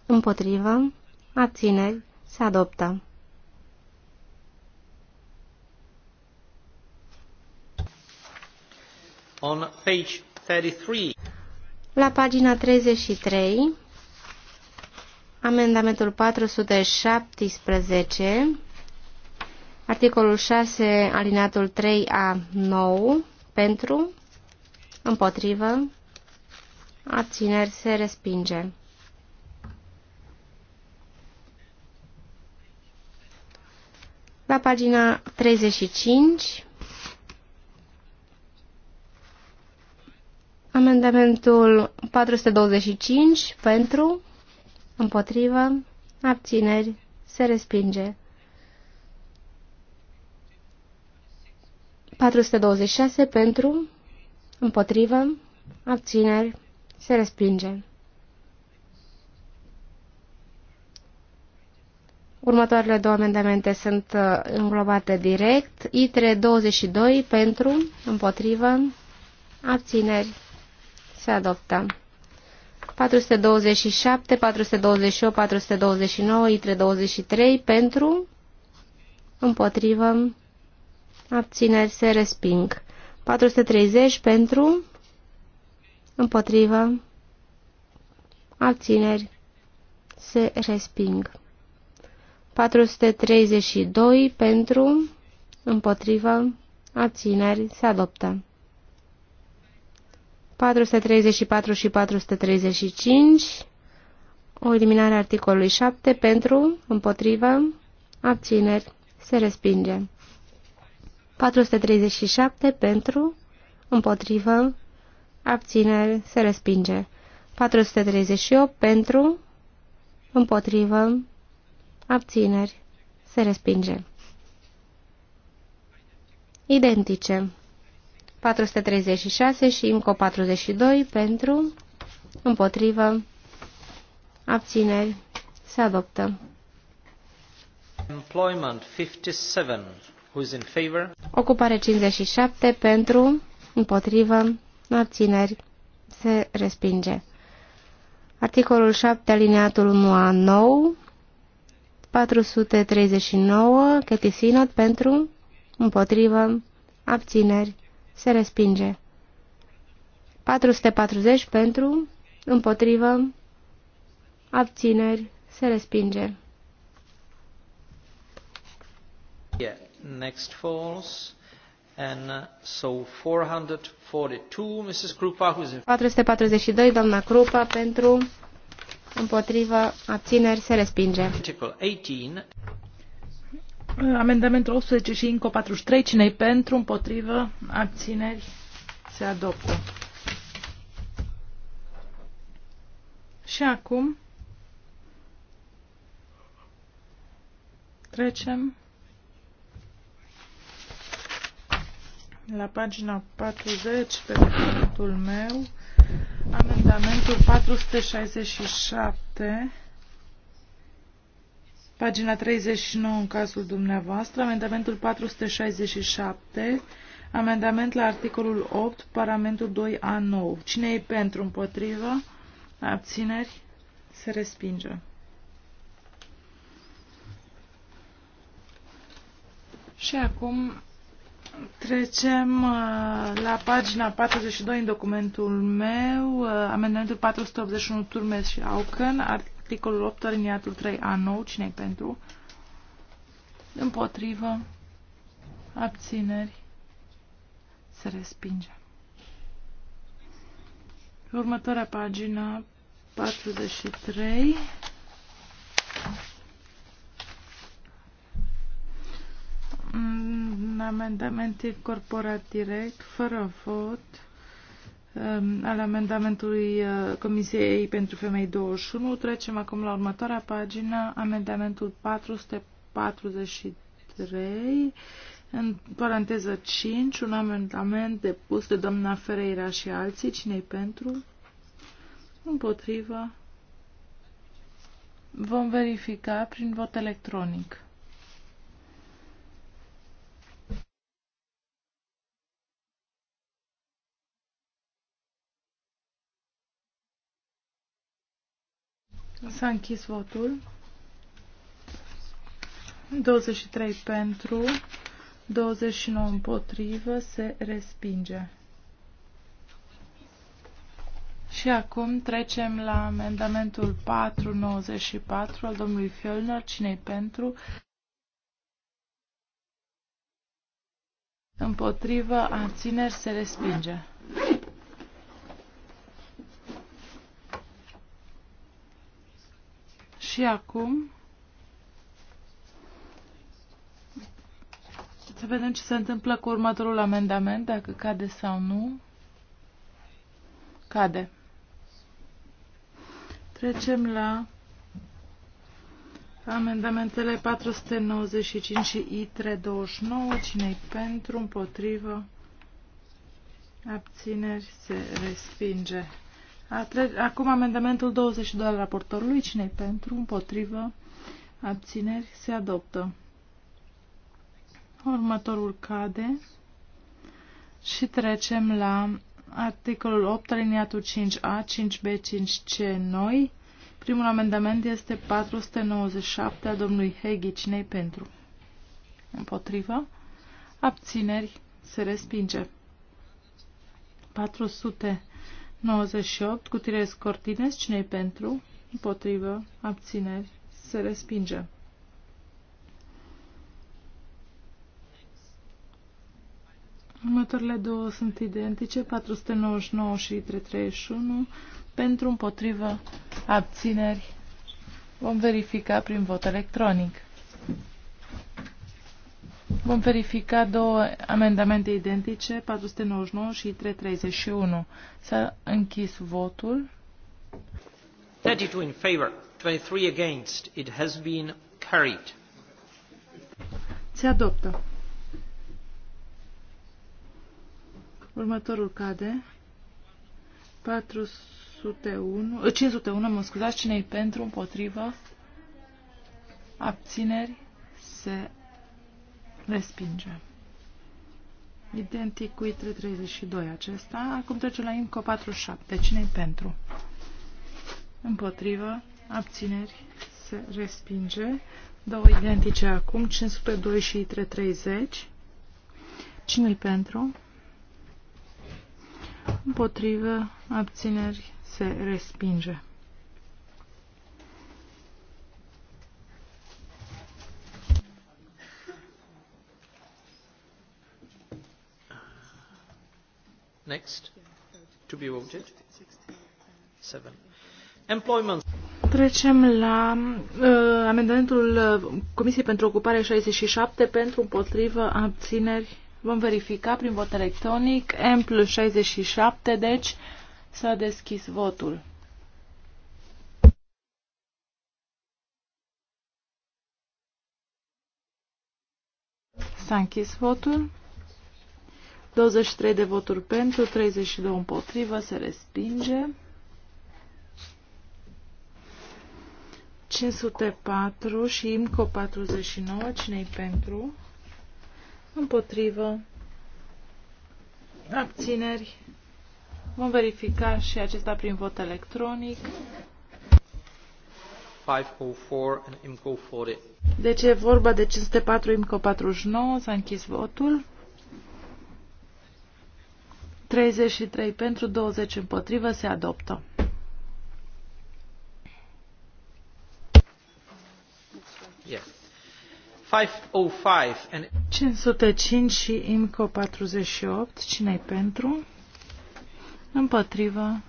Speaker 4: împotrivă, abțineri, se adoptă.
Speaker 1: On page 33.
Speaker 4: La pagina 33, Amendamentul 417, articolul 6, alineatul 3A, 9, pentru, împotrivă, abțineri se respinge. La pagina 35, amendamentul 425 pentru, împotrivă, abțineri, se respinge. 426 pentru, împotrivă, abțineri, se respinge. Următoarele două amendamente sunt uh, înglobate direct. ITRE 22 pentru, împotrivă, abțineri, se adoptă. 427, 428, 429, ITRE 23 pentru, împotrivă, abțineri se resping. 430 pentru, împotrivă, abțineri se resping. 432 pentru, împotrivă, abțineri se adoptă. 434 și 435, o eliminare a articolului 7 pentru, împotrivă, abțineri, se respinge. 437 pentru, împotrivă, abțineri, se respinge. 438 pentru, împotrivă, abțineri, se respinge. Identice. 436 și IMCO 42 pentru, împotrivă, abțineri, se adoptă.
Speaker 1: Employment 57, who's in favor?
Speaker 4: Ocupare 57 pentru, împotrivă, abțineri, se respinge. Articolul 7, alineatul 1A, 9, 439, chetisinot pentru, împotrivă, abțineri, se respinge. 440 pentru, împotrivă, abțineri, se respinge.
Speaker 1: Yeah, next falls. And uh, so 442, Mrs. Krupa, who's in...
Speaker 4: 442, doamna Krupa, pentru, împotrivă, abțineri, se respinge.
Speaker 1: Article 18.
Speaker 5: Uh, amendamentul 18 și INCO 43. cine pentru? Împotrivă? Abțineri? Se adoptă. Și acum trecem la pagina 40 pe documentul meu, amendamentul 467 Pagina 39 în cazul dumneavoastră, amendamentul 467, amendament la articolul 8, paramentul 2A9. Cine e pentru, împotrivă, abțineri, se respinge. Și acum Trecem uh, la pagina 42 în documentul meu, uh, amendamentul 481 Turmes și Aucăn, articolul 8, aliniatul 3A9, cine pentru? Împotrivă, abțineri, se respinge. Următoarea pagină, 43. Amendament corporat direct, fără vot. Um, al amendamentului uh, Comisiei pentru Femei 21. Trecem acum la următoarea pagină, amendamentul 443, în paranteză 5, un amendament depus de doamna Ferreira și alții. cine pentru? Împotrivă. Vom verifica prin vot electronic. S-a închis votul. 23 pentru, 29 împotrivă, se respinge. Și acum trecem la amendamentul 494 al domnului Fiolner. Cine-i pentru? Împotrivă, abțineri, se respinge. Și acum să vedem ce se întâmplă cu următorul amendament, dacă cade sau nu. Cade. Trecem la amendamentele 495 și I329. Cine-i pentru, împotrivă, abțineri, se respinge. Acum amendamentul 22 al raportorului. cine pentru? Împotrivă? Abțineri? Se adoptă. Următorul cade. Și trecem la articolul 8, aliniatul 5A, 5B, 5C, noi. Primul amendament este 497 a domnului Heghi. cine pentru? Împotrivă? Abțineri? Se respinge. 400. 98 cutire scortinez, scortines, cine pentru? Împotrivă, abțineri, se respinge. Următoarele două sunt identice, 499 și 331. Pentru, împotrivă, abțineri, vom verifica prin vot electronic. Vom verifica două amendamente identice, 499 și 331. S-a închis votul.
Speaker 1: 32 in favor, 23 against. It has been carried.
Speaker 5: Se adoptă. Următorul cade. 401, 501, ă, mă scuzați, cine pentru, împotrivă, abțineri, se Respinge. Identic cu ITRE 32 acesta. Acum trece la INCO 47. Cine-i pentru? Împotrivă. Abțineri. Se respinge. Două identice acum. 502 și ITRE 30. Cine-i pentru? Împotrivă. Abțineri. Se respinge.
Speaker 1: Next. To be voted. Employment.
Speaker 5: Trecem la uh, amendamentul uh, Comisiei pentru Ocupare 67 pentru împotrivă abțineri. Vom verifica prin vot electronic. M plus 67, deci s-a deschis votul. S-a închis votul. 23 de voturi pentru, 32 împotrivă, se respinge. 504 și IMCO 49, cine pentru? Împotrivă. Abțineri. Vom verifica și acesta prin vot electronic.
Speaker 1: 504 and IMCO 40.
Speaker 5: Deci e vorba de 504 IMCO 49, s-a închis votul. 33 pentru 20 împotrivă se adoptă. Yeah. 505 și IMCO 48. Cine-i pentru? Împotrivă.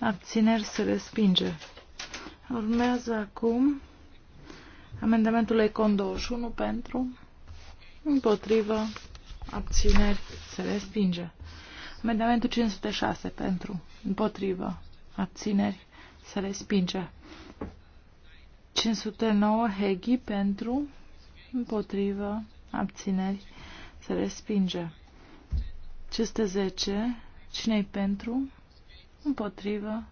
Speaker 5: Abțineri se respinge. Urmează acum amendamentul Econ 21 pentru. Împotrivă. Abțineri se respinge. Amendamentul 506 pentru, împotrivă, abțineri, se respinge. 509 Hegi pentru, împotrivă, abțineri, se respinge. 510 cine pentru, împotrivă,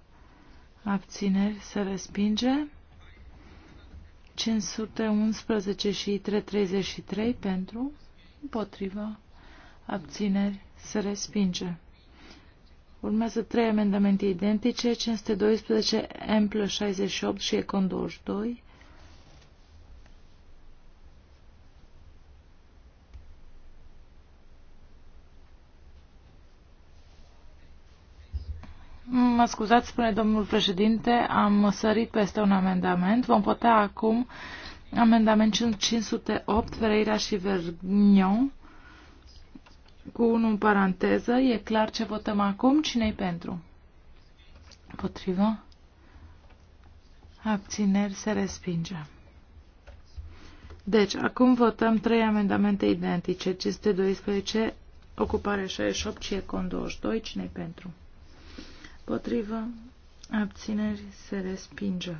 Speaker 5: abțineri, se respinge. 511 și 333 pentru, împotrivă, abțineri, se respinge. Urmează trei amendamente identice, 512, M plus 68 și Econ 22. Mă scuzați, spune domnul președinte, am sărit peste un amendament. Vom putea acum amendament 508, Pereira și Vergnon cu unul în paranteză, e clar ce votăm acum, cine-i pentru? Potrivă? Abțineri se respinge. Deci, acum votăm trei amendamente identice. 512, ocupare 68 și Econ 22. Cine-i pentru? Potrivă, abțineri se respinge.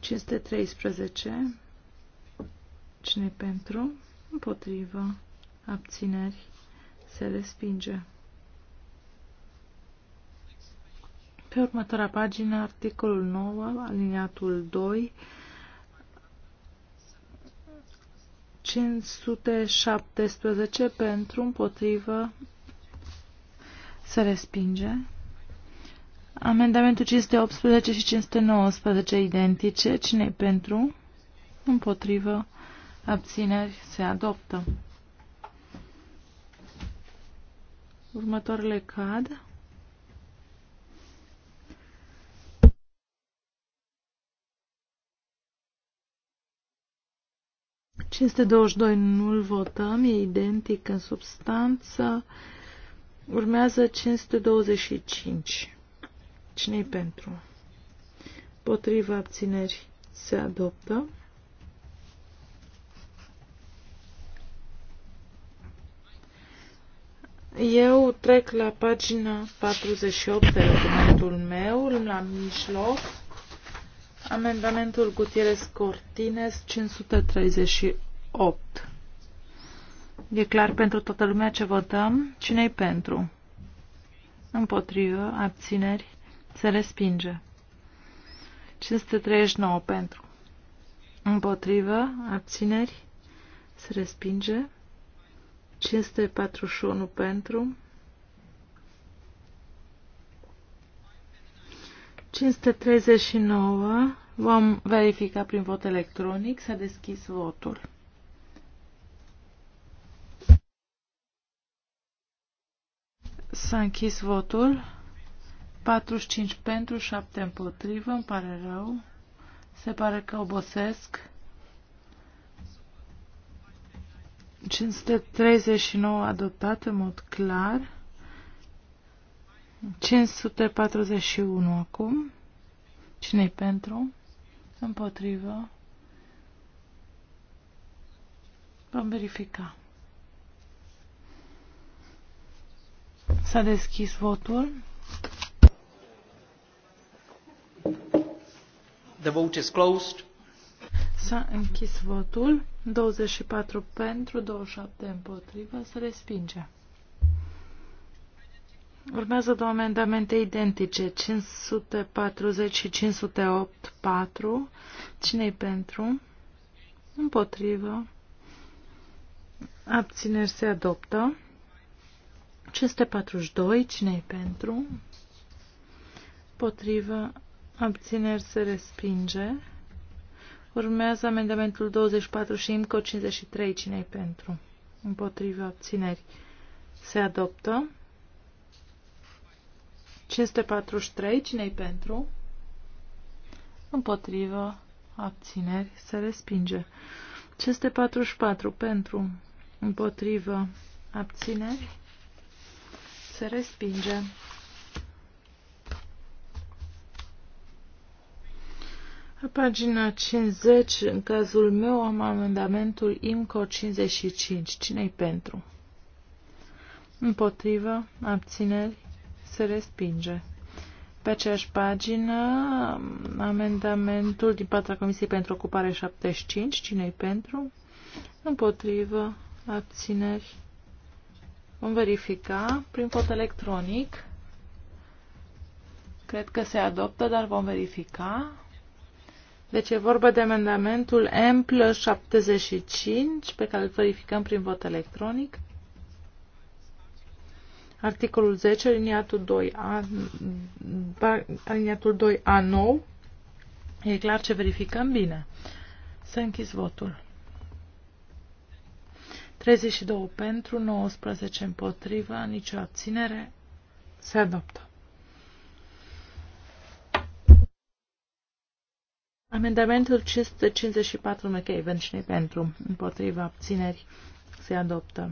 Speaker 5: 513. Cine pentru? Împotrivă. Abțineri. Se respinge. Pe următoarea pagină, articolul 9, aliniatul 2, 517 pentru, împotrivă, se respinge. Amendamentul 518 și 519 identice. cine pentru? Împotrivă. Abțineri. Se adoptă. Următoarele cad. Este 22 nu-l votăm, e identic în substanță. Urmează 525. Cine-i pentru? Potriva abțineri se adoptă. Eu trec la pagina 48 de documentul meu, la mijloc, amendamentul Gutierrez Cortines 538. E clar pentru toată lumea ce votăm? Cine-i pentru? Împotrivă, abțineri, se respinge. 539 pentru. Împotrivă, abțineri, se respinge. 541 pentru. 539. Vom verifica prin vot electronic. S-a deschis votul. S-a închis votul. 45 pentru, 7 împotrivă. Îmi pare rău. Se pare că obosesc. 539 adoptat în mod clar. 541 acum. cine pentru? Împotrivă. Vom verifica. S-a deschis votul.
Speaker 1: The vote is closed.
Speaker 5: S-a închis votul. 24 pentru, 27 împotrivă. Se respinge. Urmează două amendamente identice, 540 și 508, 4. Cine-i pentru? Împotrivă. Abțineri se adoptă. 542. Cine-i pentru? potrivă Abțineri se respinge. Urmează amendamentul 24 și IMCO 53. Cine-i pentru? Împotriva abțineri. Se adoptă. 543. Cine-i pentru? Împotriva abțineri. Se respinge. 544. Pentru. Împotriva abțineri. Se respinge. La pagina 50, în cazul meu, am amendamentul IMCO 55. Cine-i pentru? Împotrivă, abțineri, se respinge. Pe aceeași pagină, amendamentul din partea Comisiei pentru Ocupare 75. Cine-i pentru? Împotrivă, abțineri. Vom verifica prin vot electronic. Cred că se adoptă, dar vom verifica. Deci e vorba de amendamentul M plus 75, pe care îl verificăm prin vot electronic. Articolul 10, aliniatul 2A, aliniatul 2A nou. E clar ce verificăm? Bine. Să închis votul. 32 pentru, 19 împotriva, nicio abținere. Se adoptă. Amendamentul 554 McAven, cine pentru? Împotriva abțineri se adoptă.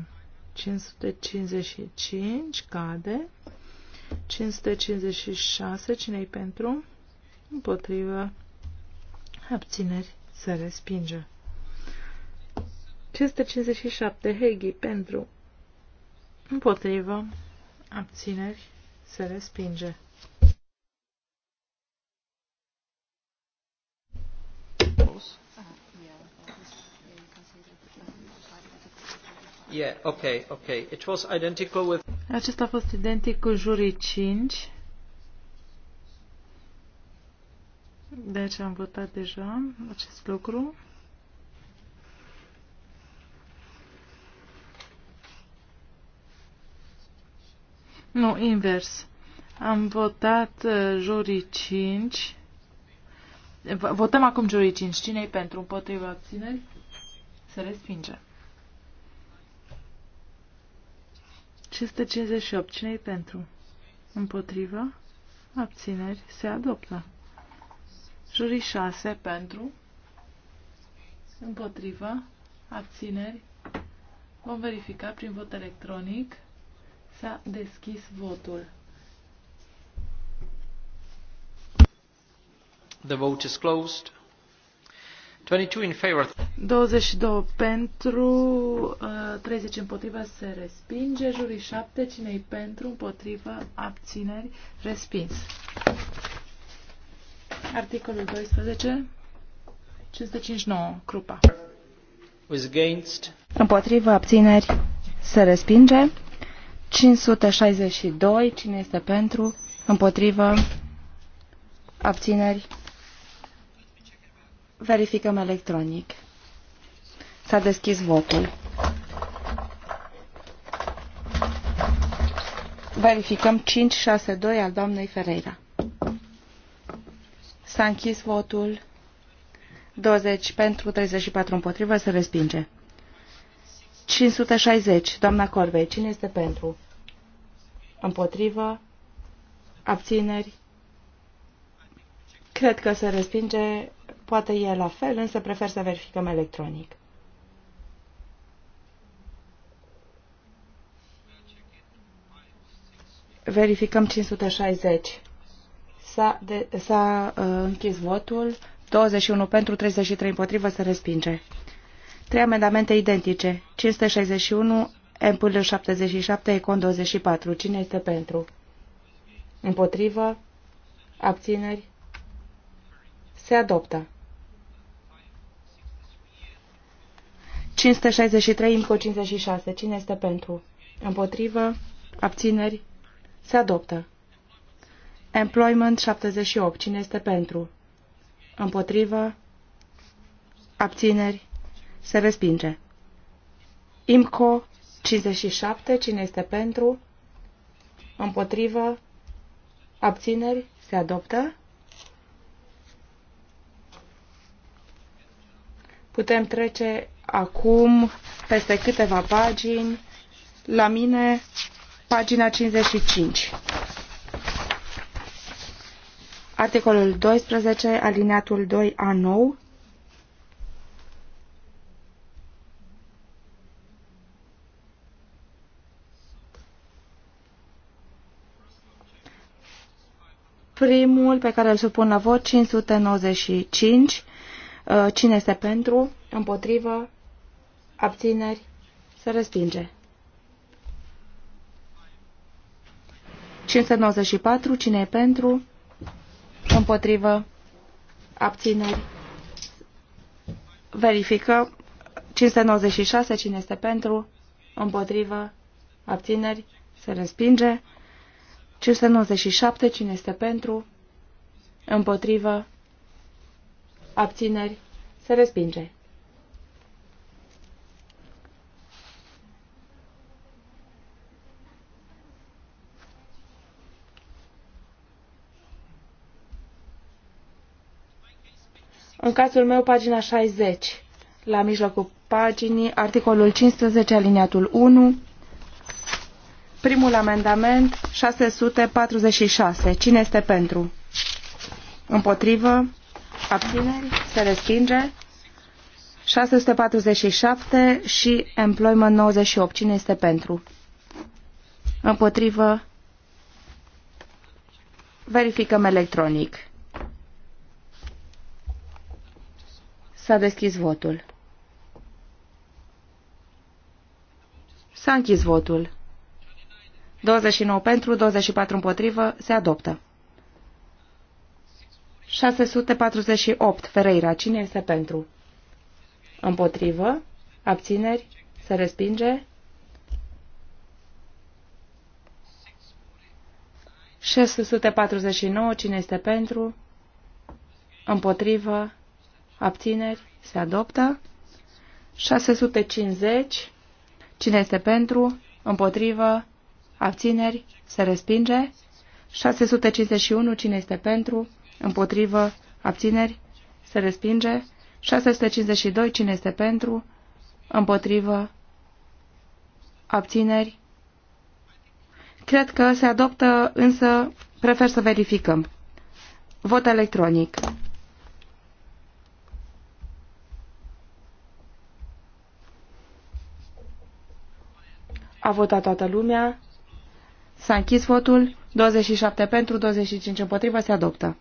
Speaker 5: 555 cade. 556, cine pentru? Împotriva abțineri se respinge. 557 Hegi pentru. Împotriva abțineri se respinge.
Speaker 1: Yeah, okay, okay. It was identical with...
Speaker 5: Acesta a fost identic cu jurii 5. De Deci am votat deja acest lucru. Nu, invers. Am votat uh, jurii 5. Votăm acum jurii 5. Cine-i pentru? Împotriva abțineri? Se respinge. 558. Cine-i pentru? Împotrivă? Abțineri? Se adoptă. Jurii 6 pentru? Împotrivă? Abțineri? Vom verifica prin vot electronic. S-a deschis votul.
Speaker 1: The vote is closed. 22 in favor.
Speaker 5: 22 pentru, 30 uh, împotriva se respinge, jurii 7, cine pentru, împotriva, abțineri, respins. Articolul 12, 559, Crupa.
Speaker 2: Împotriva, abțineri, se respinge. 562, cine este pentru, împotriva, abțineri, Verificăm electronic. S-a deschis votul. Verificăm 5-6-2 al doamnei Ferreira. S-a închis votul. 20 pentru, 34 împotrivă, se respinge. 560. Doamna Corvei, cine este pentru? Împotrivă? Abțineri? Cred că se respinge, Poate e la fel, însă prefer să verificăm electronic. Verificăm 560. S-a, de, s-a uh, închis votul. 21 pentru, 33 împotrivă, se respinge. Trei amendamente identice. 561, MPL 77, Econ 24. Cine este pentru? Împotrivă? Abțineri? Se adoptă. 563, IMCO 56. Cine este pentru? Împotrivă? Abțineri? Se adoptă. Employment 78. Cine este pentru? Împotrivă? Abțineri? Se respinge. IMCO 57. Cine este pentru? Împotrivă? Abțineri? Se adoptă. Putem trece acum, peste câteva pagini, la mine, pagina 55. Articolul 12, alineatul 2A9. Primul pe care îl supun la vot, 595. Uh, cine este pentru? Împotrivă? abțineri, se respinge. 594, cine e pentru, împotrivă, abțineri, verifică. 596, cine este pentru, împotrivă, abțineri, se respinge. 597, cine este pentru, împotrivă, abțineri, se respinge. În cazul meu, pagina 60, la mijlocul paginii, articolul 15, aliniatul 1, primul amendament, 646. Cine este pentru? Împotrivă? Abțineri? Se respinge? 647 și Employment 98. Cine este pentru? Împotrivă? Verificăm electronic. S-a deschis votul. S-a închis votul. 29 pentru, 24 împotrivă, se adoptă. 648. Ferreira. Cine este pentru? Împotrivă. Abțineri. Se respinge. 649. Cine este pentru? Împotrivă abțineri, se adoptă. 650, cine este pentru, împotrivă, abțineri, se respinge. 651, cine este pentru, împotrivă, abțineri, se respinge. 652, cine este pentru, împotrivă, abțineri. Cred că se adoptă, însă prefer să verificăm. Vot electronic. A votat toată lumea. S-a închis votul. 27 pentru, 25 împotriva, Se adoptă.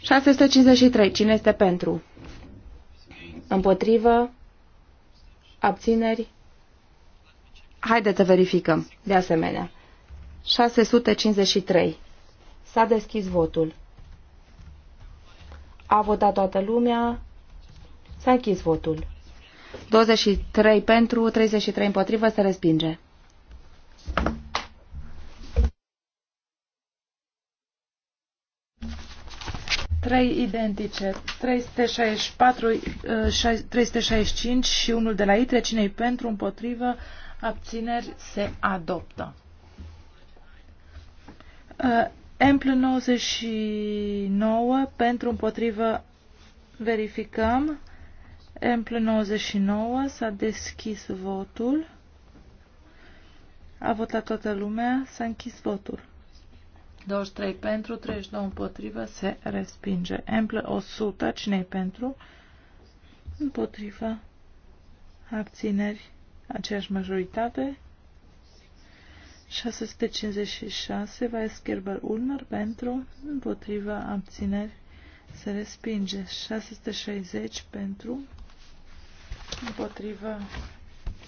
Speaker 2: 653. Cine este pentru? Împotrivă? Abțineri? Haideți să verificăm. De asemenea. 653. S-a deschis votul. A votat toată lumea. S-a închis votul. 23 pentru, 33 împotrivă, se respinge.
Speaker 5: Trei identice, 364, 365 uh, și unul de la ITRE, cine pentru, împotrivă, abțineri, se adoptă. Emplu uh, 99 pentru împotrivă verificăm. Ample 99 s-a deschis votul. A votat toată lumea, s-a închis votul. 23 pentru, 32 împotrivă, se respinge. Ample 100, cine pentru? Împotrivă. Abțineri, aceeași majoritate. 656, Weisgerber Ulmer pentru, împotrivă, abțineri, se respinge. 660 pentru, împotrivă,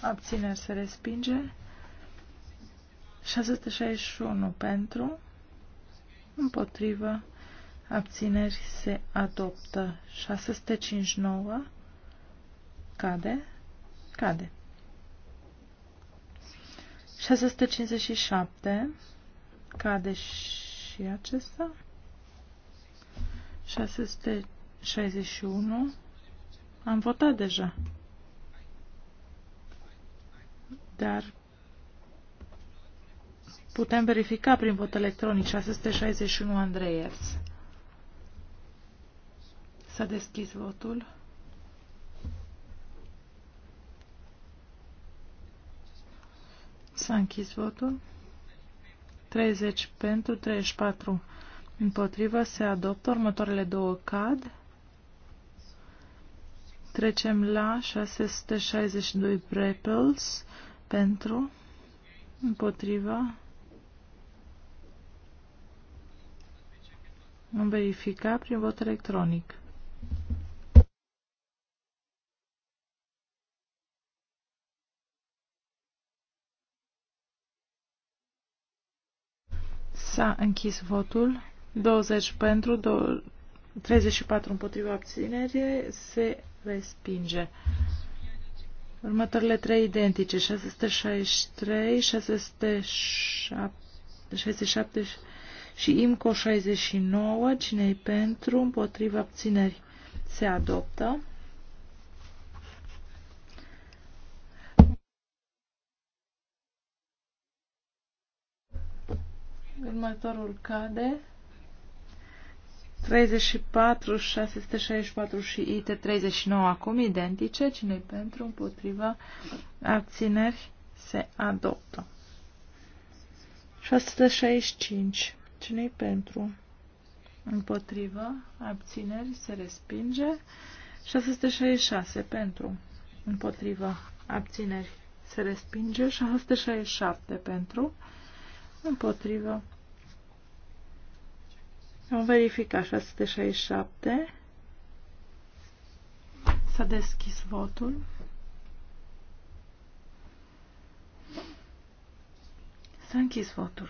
Speaker 5: abțineri se respinge, 661 pentru, împotrivă, abțineri se adoptă, 659 cade, cade. 657 cade și acesta. 661 am votat deja dar putem verifica prin vot electronic 661 Andreevs. S-a deschis votul. S-a închis votul. 30 pentru, 34 împotrivă. Se adoptă. Următoarele două cad. Trecem la 662 Brepels pentru, împotriva, vom verifica prin vot electronic. S-a închis votul. 20 pentru, 34 împotriva abținere, se respinge. Următoarele trei identice, 663, 667 și IMCO 69, cine pentru, împotriva abțineri, se adoptă. Următorul cade. 34, 664 și IT 39 acum identice. cine pentru, împotriva, abțineri, se adoptă. 665. cine pentru? împotriva Abțineri. Se respinge. 666. Pentru. împotriva Abțineri. Se respinge. 667. Pentru. împotriva Vom verifica 667. S-a deschis votul. S-a închis votul.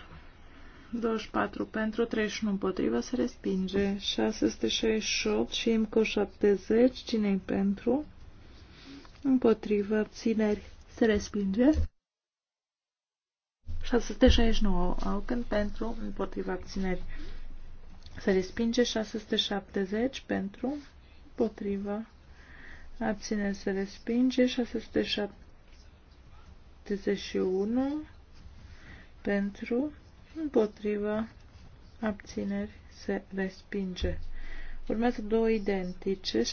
Speaker 5: 24 pentru, 31 împotrivă, se respinge. 668 și cu 70, cine pentru? Împotrivă, țineri, se respinge. 669, au când pentru, împotriva țineri. Se respinge 670 pentru, potrivă, abțineri se respinge 671 pentru, împotrivă, abțineri se respinge. Urmează două identice, 662-673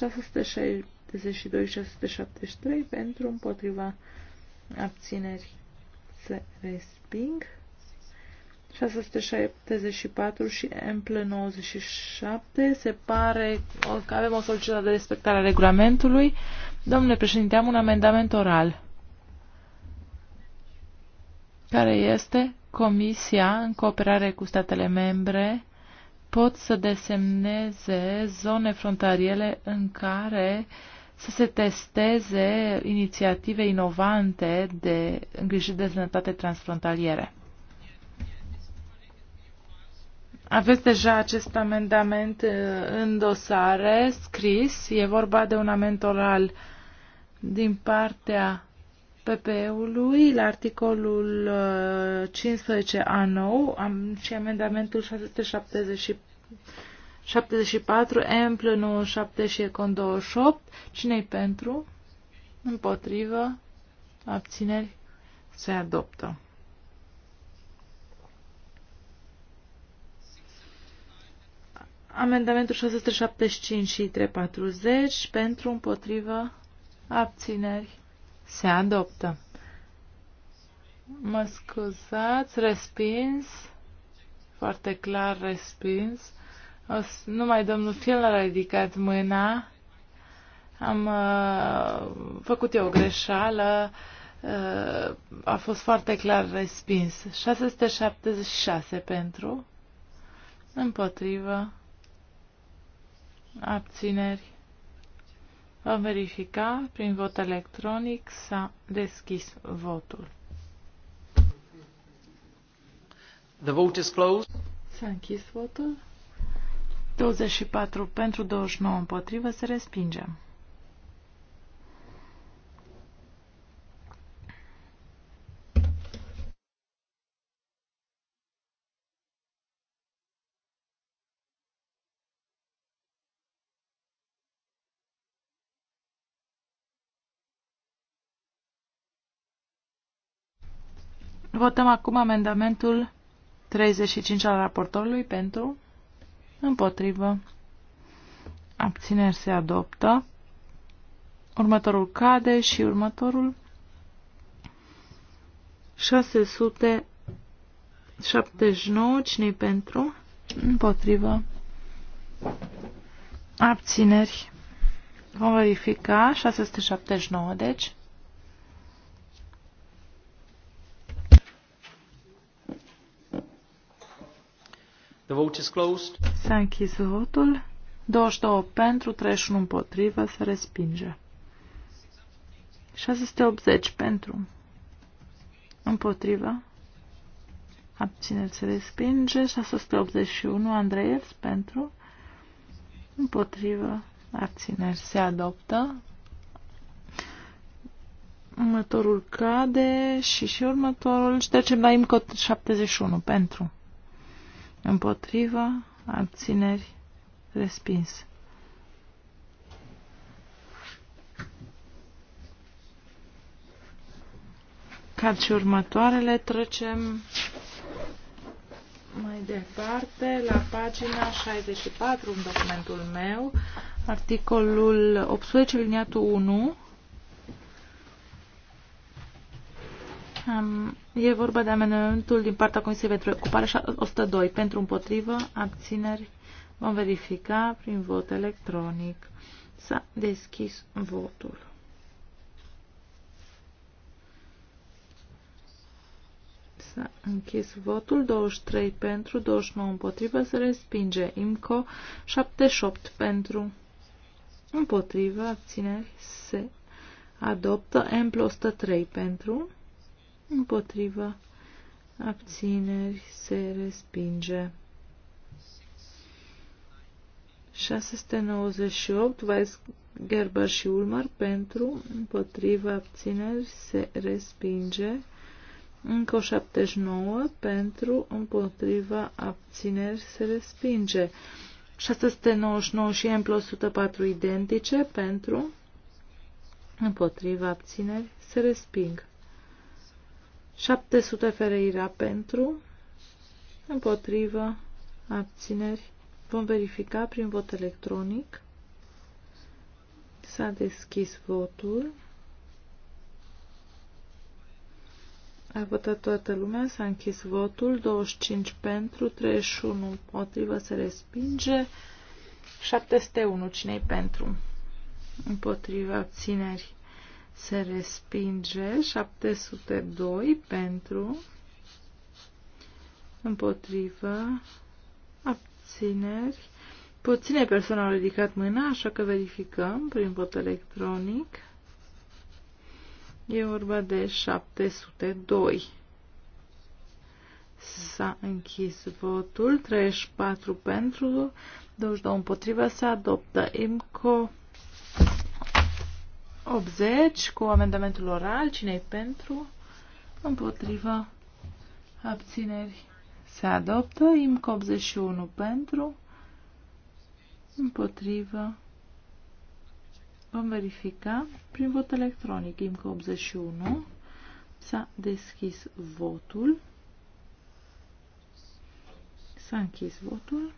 Speaker 5: pentru, împotriva, abțineri se resping. 674 și Emple 97. Se pare că avem o solicitare de respectare a regulamentului. Domnule președinte, am un amendament oral care este Comisia, în cooperare cu statele membre, pot să desemneze zone frontaliere în care să se testeze inițiative inovante de îngrijire de sănătate transfrontaliere. Aveți deja acest amendament uh, în dosare scris. E vorba de un amendament oral din partea PPE-ului la articolul 15A9 uh, am, și amendamentul 674, Empl 97 și Econ 28. Cine-i pentru? Împotrivă? Abțineri? Se adoptă. Amendamentul 675 și 340 pentru împotrivă abțineri se adoptă. Mă scuzați, respins, foarte clar respins. O, numai domnul Fiel a ridicat mâna. Am uh, făcut eu o greșeală. Uh, a fost foarte clar respins. 676 pentru, împotrivă, abțineri. Vom verifica prin vot electronic s-a deschis votul.
Speaker 1: The vote is closed.
Speaker 5: S-a închis votul. 24 pentru 29 împotrivă se respinge. Votăm acum amendamentul 35 al raportorului pentru, împotrivă, abțineri se adoptă, următorul cade și următorul 679, cine pentru, împotrivă, abțineri, vom verifica, 679 deci.
Speaker 1: The vote is closed.
Speaker 5: S-a închis votul. 22 pentru, 31 împotrivă, se respinge. 680 pentru, împotrivă, abțineri se respinge. 681 Andreev pentru, împotrivă, abțineri se adoptă. Următorul cade și și următorul. Și trecem la IMCOT 71 pentru. Împotrivă. Abțineri. Respins. Ca și următoarele. Trecem mai departe la pagina 64 în documentul meu, articolul 18, liniatul 1. E vorba de amendamentul din partea Comisiei pentru Ocupare 102. Pentru împotrivă, abțineri, vom verifica prin vot electronic. S-a deschis votul. S-a închis votul. 23 pentru, 29 împotrivă, se respinge. IMCO 78 pentru, împotrivă, abțineri, se adoptă. M 103 pentru, împotriva, abțineri, se respinge. 698, Weiss Gerber și Ulmer pentru, împotriva, abțineri, se respinge. Încă o 79 pentru, împotriva, abțineri, se respinge. 699 și M plus 104 identice pentru, împotriva, abțineri, se resping. 700 fereira pentru, împotrivă, abțineri. Vom verifica prin vot electronic. S-a deschis votul. A votat toată lumea, s-a închis votul, 25 pentru, 31 împotrivă, se respinge, 701, cine pentru? Împotriva abțineri se respinge 702 pentru împotrivă abțineri puține persoane au ridicat mâna așa că verificăm prin vot electronic e vorba de 702 s-a închis votul 34 pentru 22 împotrivă se adoptă IMCO 80 cu amendamentul oral. Cine-i pentru? Împotrivă. Abțineri. Se adoptă. IMC 81 pentru. Împotrivă. Vom verifica prin vot electronic. IMC 81. S-a deschis votul. S-a închis votul.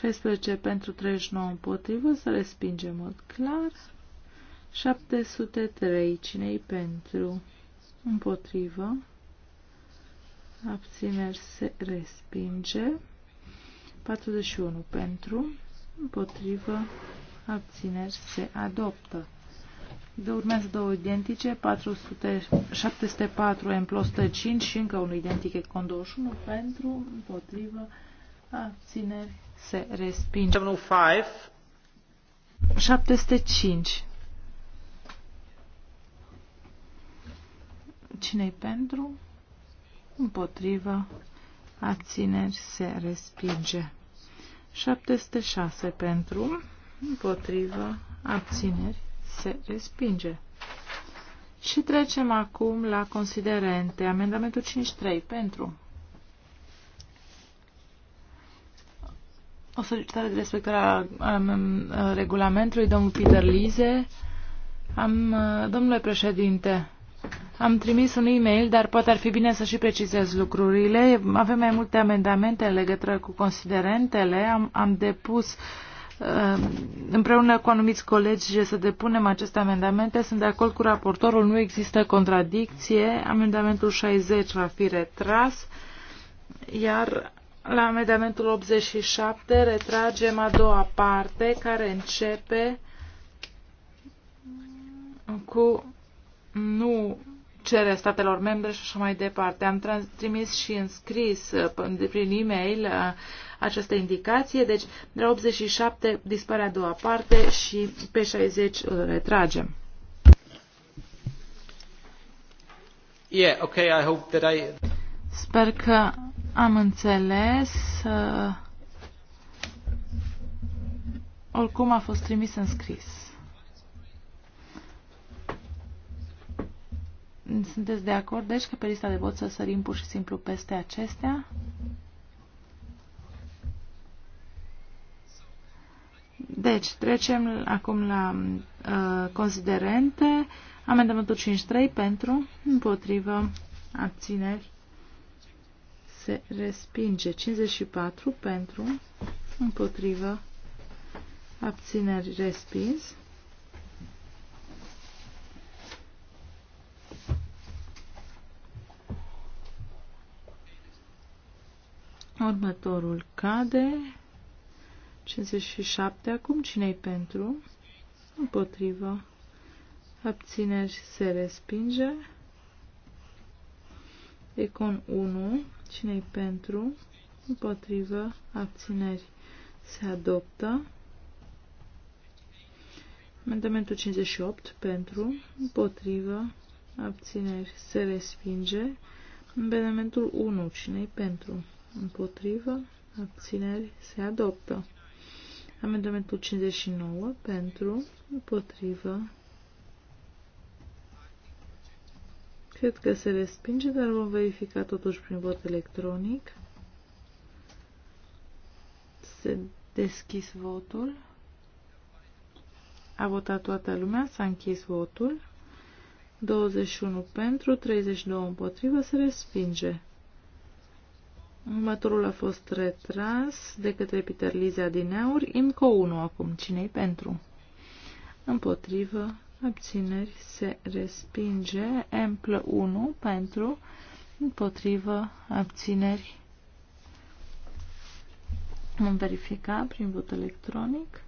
Speaker 5: 16 pentru 39 împotrivă, să respinge mod clar. 703, cinei pentru? Împotrivă. Abțineri se respinge. 41 pentru, împotrivă, abțineri se adoptă. De urmează două identice, 400, 704 M 105 și încă unul identic Econ 21 pentru, împotrivă, abțineri se respinge. 705. 705. Cine-i pentru? Împotriva. Abțineri se respinge. 706 pentru. Împotriva. Abțineri se respinge. Și trecem acum la considerente. Amendamentul 53 pentru. O solicitare de respectare a regulamentului, domnul Peter Lize. Am, domnule președinte, am trimis un e-mail, dar poate ar fi bine să și precizez lucrurile. Avem mai multe amendamente în legătură cu considerentele. Am, am depus împreună cu anumiți colegi să depunem aceste amendamente. Sunt de acord cu raportorul, nu există contradicție. Amendamentul 60 va fi retras, iar la amendamentul 87 retragem a doua parte care începe cu nu cere statelor membre și așa mai departe. Am trimis și înscris uh, prin e-mail uh, această indicație, deci de 87 dispare a doua parte și pe 60 îl uh, retragem.
Speaker 3: Yeah,
Speaker 1: okay, I hope that I...
Speaker 5: Sper că am înțeles. Uh, oricum a fost trimis în scris. Sunteți de acord, deci, că pe lista de vot să sărim pur și simplu peste acestea? Deci, trecem acum la uh, considerente. Amendamentul 5.3 pentru, împotrivă, abțineri se respinge. 54 pentru, împotrivă, abțineri respins. Următorul cade. 57. Acum cine-i pentru? Împotrivă. Abțineri se respinge. Econ 1. Cine-i pentru? Împotrivă. Abțineri. Se adoptă. Amendamentul 58. Pentru. Împotrivă. Abțineri. Se respinge. Amendamentul 1. Cine-i pentru? Împotrivă. Abțineri. Se adoptă. Amendamentul 59. Pentru. Împotrivă. Cred că se respinge, dar vom verifica totuși prin vot electronic. Se deschis votul. A votat toată lumea, s-a închis votul. 21 pentru, 32 împotrivă, se respinge. Următorul a fost retras de către Peter Liza din Aur. Încă 1 acum. Cine-i pentru? Împotrivă abțineri se respinge, M 1 pentru, împotrivă, abțineri. Vom verifica prin vot electronic.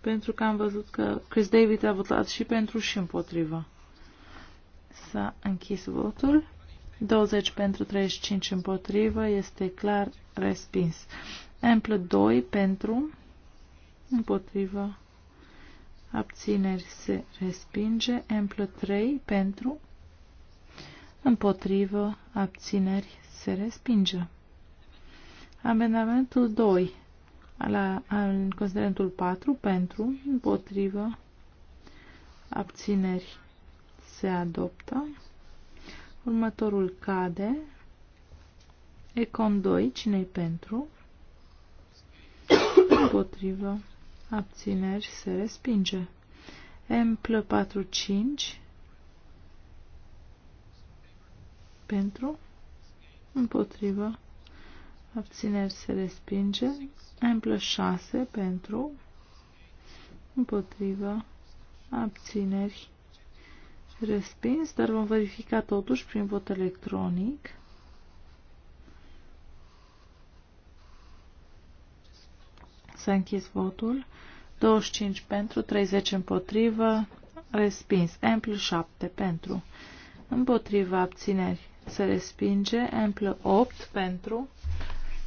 Speaker 5: Pentru că am văzut că Chris David a votat și pentru și împotrivă. S-a închis votul. 20 pentru 35 împotrivă este clar respins. Amplă 2 pentru împotriva, abțineri se respinge, M plus 3 pentru, împotrivă, abțineri se respinge. Amendamentul 2 la, în considerentul 4 pentru, împotrivă, abțineri se adoptă. Următorul cade. Econ 2, cine i pentru? Împotrivă abțineri, se respinge. Emplă 45 pentru, împotrivă, abțineri, se respinge. Emplă 6 pentru, împotrivă, abțineri, respins, dar vom verifica totuși prin vot electronic. S-a închis votul. 25 pentru, 30 împotrivă, respins. Ampl 7 pentru, împotriva abțineri. Se respinge. Ampl 8 pentru,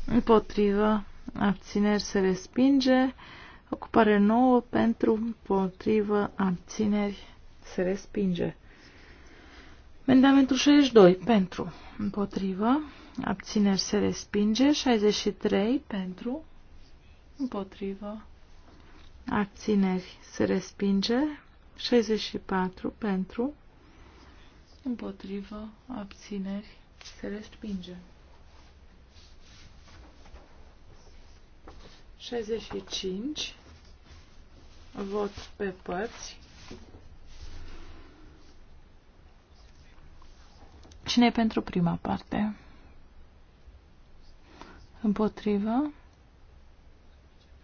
Speaker 5: împotrivă, abțineri. Se respinge. Ocupare 9 pentru, împotrivă, abțineri. Se respinge. Mendamentul 62 pentru, împotrivă, abțineri se respinge, 63 pentru, împotrivă, abțineri se respinge, 64 pentru, împotrivă, abțineri se respinge. 65 vot pe părți. Cine e pentru prima parte? Împotrivă?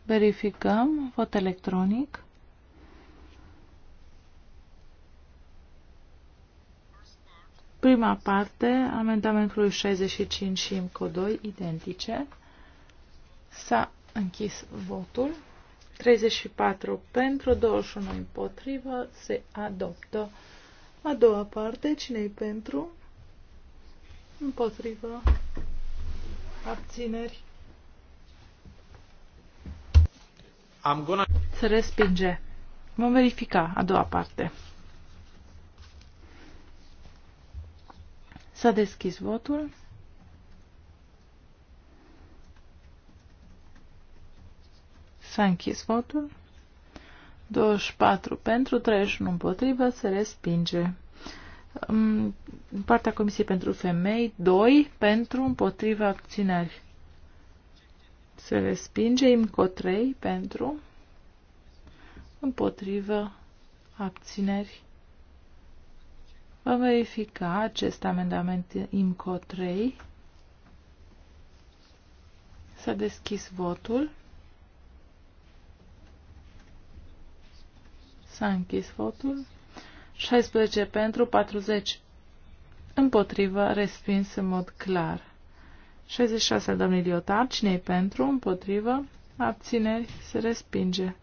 Speaker 5: Verificăm. Vot electronic. Prima parte, amendamentului 65 și IMCO 2, identice. S-a închis votul. 34 pentru, 21 împotrivă, se adoptă. A doua parte, cine e pentru? Împotrivă. Abțineri. I'm gonna... Se respinge. Vom verifica a doua parte. S-a deschis votul. S-a închis votul. 24 pentru, 31 împotrivă, se respinge. În partea Comisiei pentru Femei, 2 pentru, împotriva abțineri. Se respinge IMCO 3 pentru, împotrivă, abțineri. Vom verifica acest amendament IMCO 3. S-a deschis votul. S-a închis votul. 16 pentru, 40 împotrivă, respins în mod clar. 66 al doamnei Liotard. cine e pentru? Împotrivă. Abțineri. Se respinge.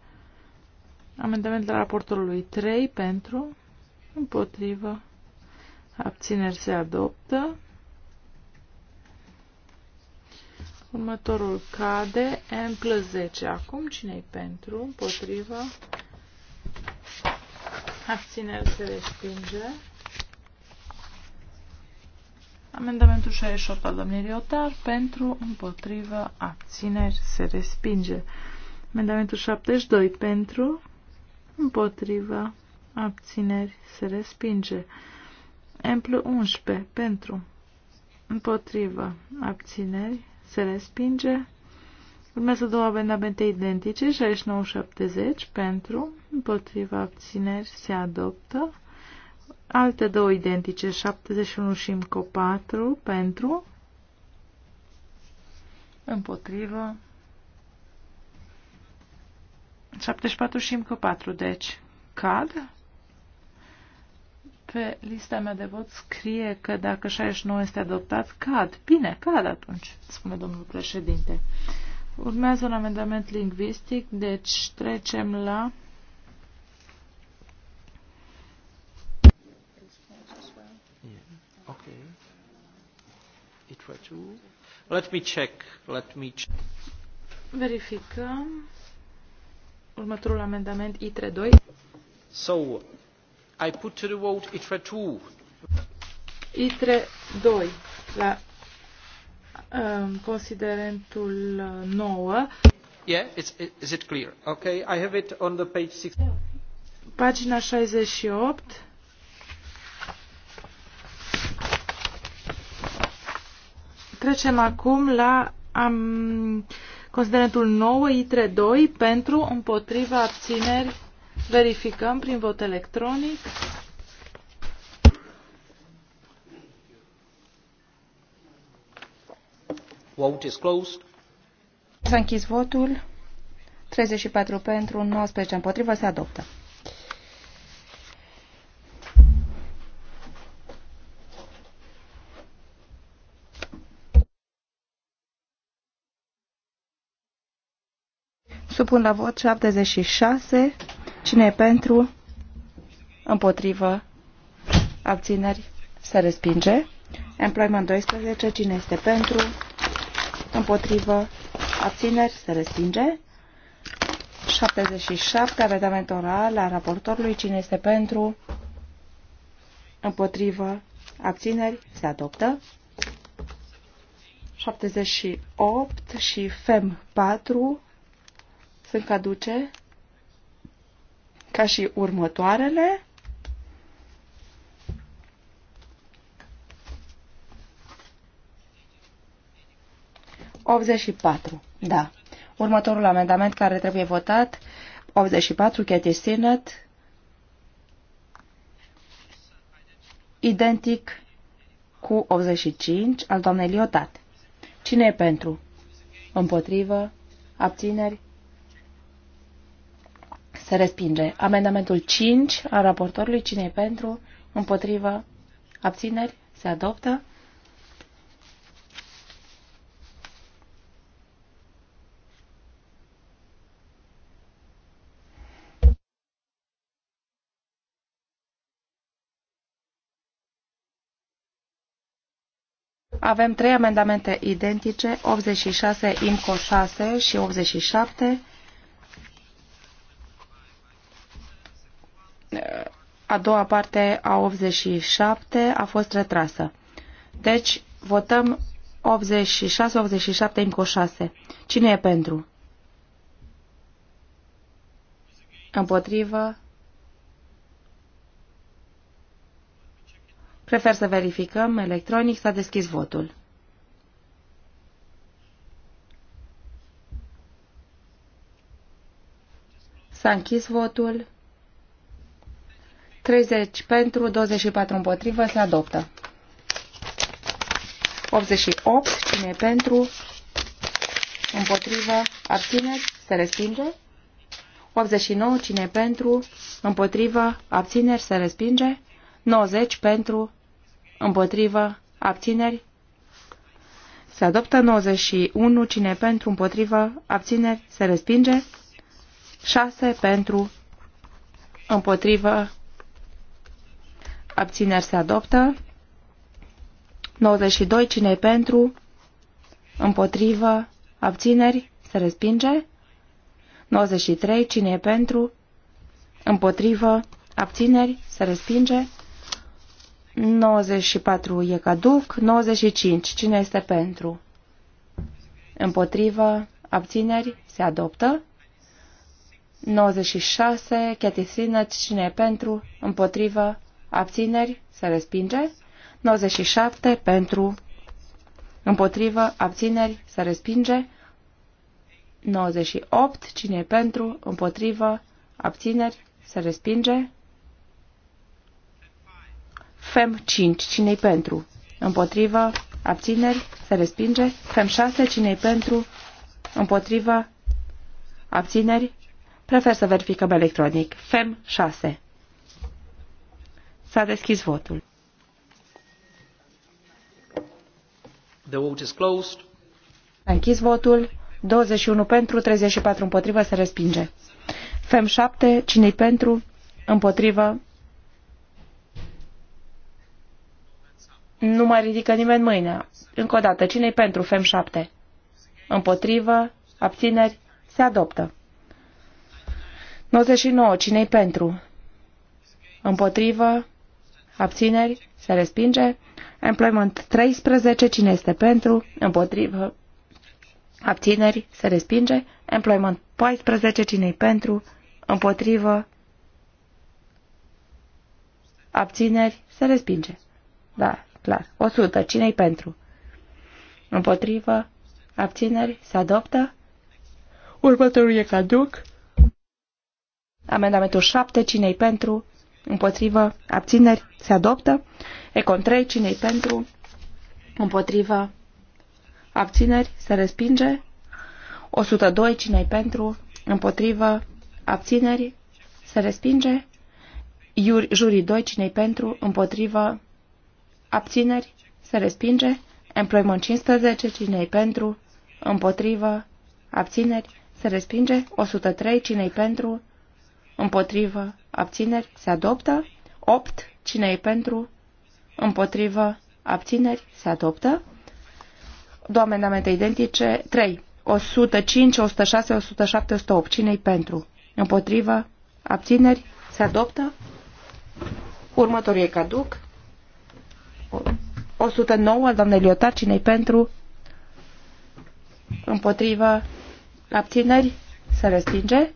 Speaker 5: Amendamentul raportorului 3 pentru. Împotrivă. Abțineri se adoptă. Următorul cade. M plus 10. Acum cine e pentru? Împotrivă. Abțineri se respinge. Amendamentul 68 al domnului Riotar pentru, împotrivă, abțineri, se respinge. Amendamentul 72 pentru, împotrivă, abțineri, se respinge. Emplu 11 pentru, împotrivă, abțineri, se respinge. Urmează două amendamente identice, 69-70 pentru, împotriva abțineri, se adoptă. Alte două identice, 71 și încă 4 pentru, împotrivă, 74 și încă 4, deci cad. Pe lista mea de vot scrie că dacă 69 este adoptat, cad. Bine, cad atunci, spune domnul președinte. Urmează un amendament lingvistic, deci trecem la
Speaker 1: 242. Let me check. Let me check.
Speaker 5: Verificăm. Următorul amendament ITRE 2.
Speaker 1: So, I put to the vote ITRE 2.
Speaker 5: ITRE 2 la um, considerentul 9. Uh,
Speaker 1: yeah, it's, is it clear? Okay, I have it on the page 6.
Speaker 5: Pagina 68 Trecem acum la um, considerentul 9, ITRE 2, pentru, împotriva, abțineri, verificăm prin vot electronic.
Speaker 1: Vote is closed.
Speaker 2: S-a închis votul. 34 pentru, 19 împotrivă, se adoptă. Supun la vot 76. Cine e pentru? Împotrivă. Abțineri. Se respinge. Employment 12. Cine este pentru? Împotrivă. Abțineri. Se respinge. 77. Avedament oral al raportorului. Cine este pentru? Împotrivă. Abțineri. Se adoptă. 78 și FEM 4 sunt caduce ca și următoarele. 84. Da. Următorul amendament care trebuie votat, 84, este Sinnott, identic cu 85 al doamnei Liotat. Cine e pentru? Împotrivă? Abțineri? Se respinge. Amendamentul 5 al raportorului. Cine e pentru? Împotrivă? Abțineri? Se adoptă. Avem trei amendamente identice, 86, IMCO 6 și 87. a doua parte a 87 a fost retrasă. Deci, votăm 86, 87, încă 6. Cine e pentru? Împotrivă? Prefer să verificăm. Electronic s-a deschis votul. S-a închis votul. 30 pentru, 24 împotrivă, se adoptă. 88, cine e pentru, împotrivă, abțineri, se respinge. 89, cine e pentru, împotrivă, abțineri, se respinge. 90 pentru, împotrivă, abțineri, se adoptă 91, cine pentru, împotrivă, abțineri, se respinge. 6 pentru, împotrivă, abțineri se adoptă. 92, cine pentru, împotrivă, abțineri, se respinge. 93, cine e pentru, împotrivă, abțineri, se respinge. 94 e caduc, 95, cine este pentru, împotrivă, abțineri, se adoptă. 96, chetisină, cine e pentru, împotrivă, abțineri, se respinge. 97 pentru, împotrivă, abțineri, se respinge. 98, cine e pentru, împotrivă, abțineri, se respinge. FEM 5, cine e pentru, împotrivă, abțineri, se respinge. FEM 6, cine e pentru, împotrivă, abțineri, prefer să verificăm electronic. FEM 6.
Speaker 1: S-a deschis votul. The vote is closed.
Speaker 2: A închis votul. 21 pentru, 34 împotrivă, se respinge. FEM 7, cine pentru, împotrivă, Nu mai ridică nimeni mâinea. Încă o dată, cine-i pentru FEM 7? Împotrivă, abțineri, se adoptă. 99. Cine-i pentru? Împotrivă, abțineri, se respinge. Employment 13, cine este pentru, împotrivă, abțineri, se respinge. Employment 14, cine pentru, împotrivă, abțineri, se respinge. Da, clar. 100, cine pentru? Împotrivă, abțineri, se adoptă. Următorul e caduc. Amendamentul 7, cine pentru? împotrivă, abțineri, se adoptă. Econ 3, cine pentru, împotrivă, abțineri, se respinge. 102, cine pentru, împotrivă, abțineri, se respinge. Iuri, jurii 2, cine pentru, împotrivă, abțineri, se respinge. Employment 15, cine pentru, împotrivă, abțineri, se respinge. 103, cine pentru, împotrivă, Împotrivă. Abțineri. Se adoptă. 8. Cine e pentru? Împotrivă. Abțineri. Se adoptă. Două amendamente identice. 3. 105, 106, 107, 108. cine e pentru? Împotrivă? Abțineri? Se adoptă? Următorul e caduc. 109, doamne Liotar, cine e pentru? Împotrivă? Abțineri? Se respinge?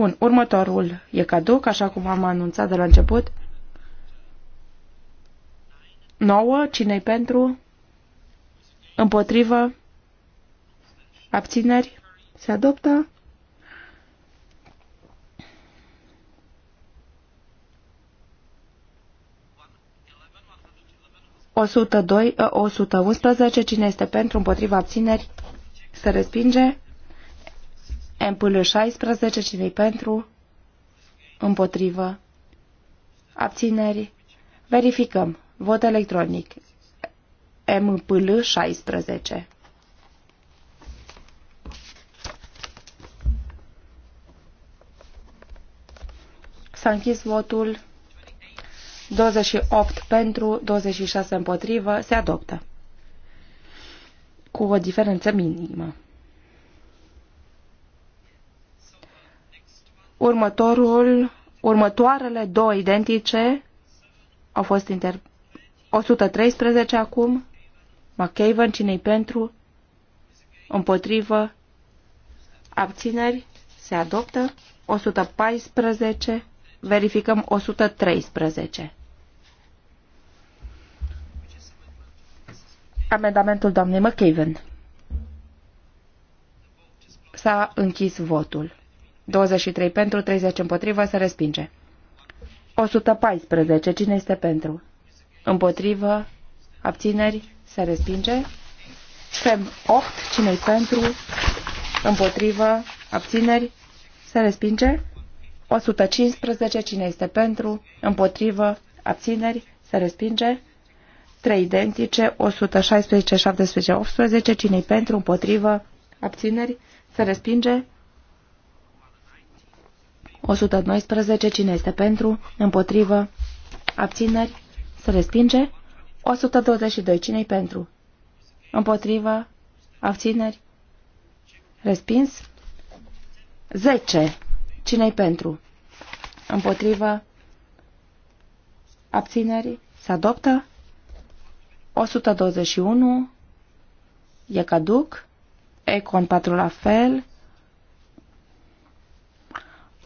Speaker 2: Bun, următorul e caduc, așa cum am anunțat de la început. 9. cine pentru? Împotrivă? Abțineri? Se adoptă? O 102, 111, ă, cine este pentru, împotriva abțineri, se respinge. MPL 16, cine pentru? Împotrivă. Abțineri. Verificăm. Vot electronic. MPL 16. S-a închis votul. 28 pentru, 26 împotrivă. Se adoptă. Cu o diferență minimă. Următorul, următoarele două identice au fost inter... 113 acum. McCaven, cine pentru? Împotrivă? Abțineri? Se adoptă? 114. Verificăm 113. Amendamentul doamnei McCaven. S-a închis votul. 23 pentru, 30 împotrivă, se respinge. 114. Cine este pentru? Împotrivă, abțineri, se respinge. Fem 8. cine pentru? Împotrivă, abțineri, se respinge. 115. Cine este pentru? Împotrivă, abțineri, se respinge. 3 identice, 116, 17, 18, cine pentru, împotrivă, abțineri, se respinge. 112. Cine este pentru? Împotrivă? Abțineri? Se respinge? 122. Cine-i pentru? Împotrivă? Abțineri? Respins? 10. Cine-i pentru? Împotrivă? Abțineri? Se adoptă? 121. E caduc? Econ 4 la fel.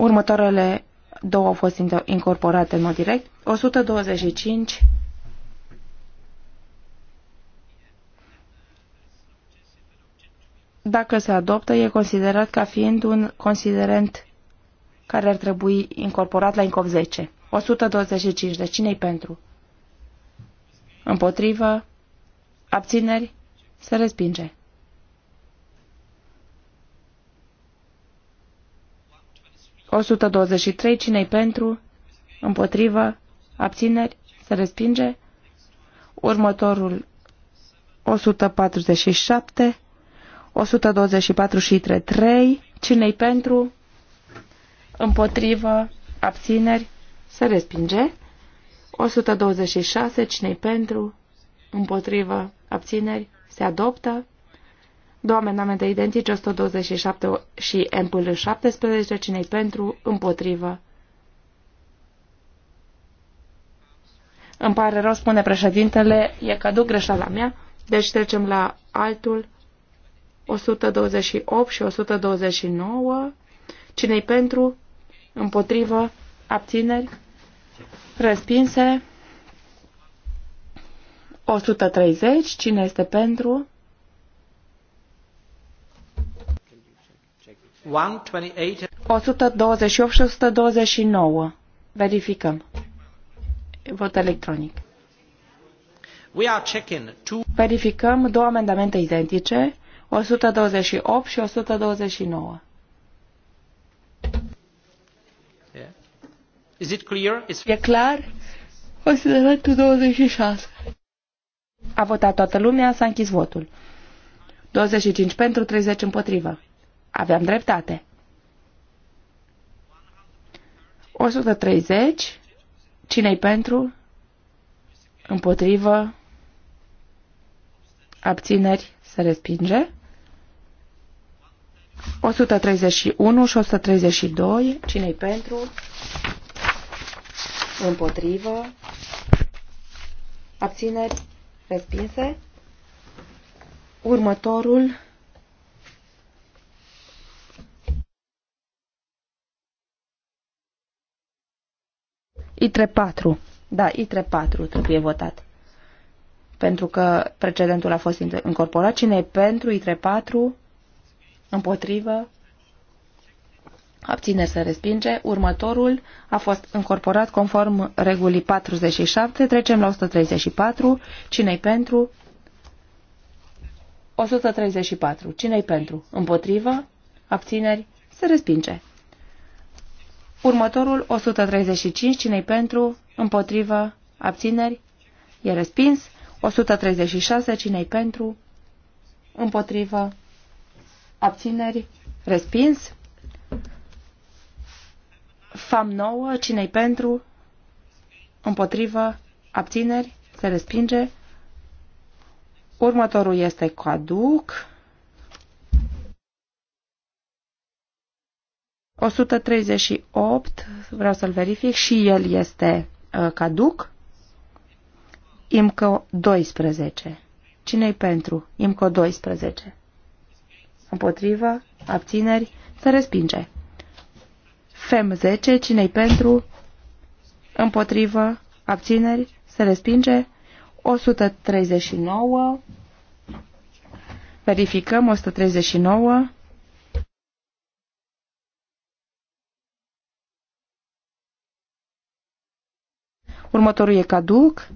Speaker 2: Următoarele două au fost incorporate în mod direct. 125 dacă se adoptă, e considerat ca fiind un considerent care ar trebui incorporat la INCOP 10. 125. De cine-i pentru? Împotrivă? Abțineri? Se respinge. 123. cine pentru? Împotrivă? Abțineri? Se respinge? Următorul 147, 124 și 3. Cine-i pentru? Împotrivă? Abțineri? Se respinge? 126. cine pentru? Împotrivă? Abțineri? Se adoptă? Două amendamente identice, 127 și MPL 17, cine pentru, împotrivă. Îmi pare rău, spune președintele, e cadou greșeala mea, deci trecem la altul, 128 și 129, cine pentru, împotrivă, abțineri, respinse, 130, cine este pentru,
Speaker 1: 128,
Speaker 2: 128 și 129. Verificăm. Vot electronic. We are two... Verificăm două amendamente identice, 128 și 129.
Speaker 1: Yeah. Is it clear? It's... E clar?
Speaker 2: 126. A votat toată lumea, s-a închis votul. 25 pentru, 30 împotrivă aveam dreptate. 130. Cine-i pentru? Împotrivă? Abțineri? Se respinge. 131 și 132. Cine-i pentru? Împotrivă? Abțineri? Respinse. Următorul ITRE 4. Da, ITRE 4 trebuie votat. Pentru că precedentul a fost incorporat. Cine e pentru ITRE 4? Împotrivă? Abține să respinge. Următorul a fost încorporat conform regulii 47. Trecem la 134. cine e pentru? 134. cine e pentru? Împotrivă? Abțineri? Se respinge. Următorul 135, cine pentru, împotrivă, abțineri, e respins. 136, cine pentru, împotrivă, abțineri, respins. FAM 9, cine pentru, împotrivă, abțineri, se respinge. Următorul este caduc. 138, vreau să-l verific, și el este uh, caduc. IMCO 12. Cine-i pentru? IMCO 12. Împotrivă, abțineri, se respinge. FEM 10, cine-i pentru? Împotrivă, abțineri, se respinge. 139, verificăm, 139, Următorul e caduc.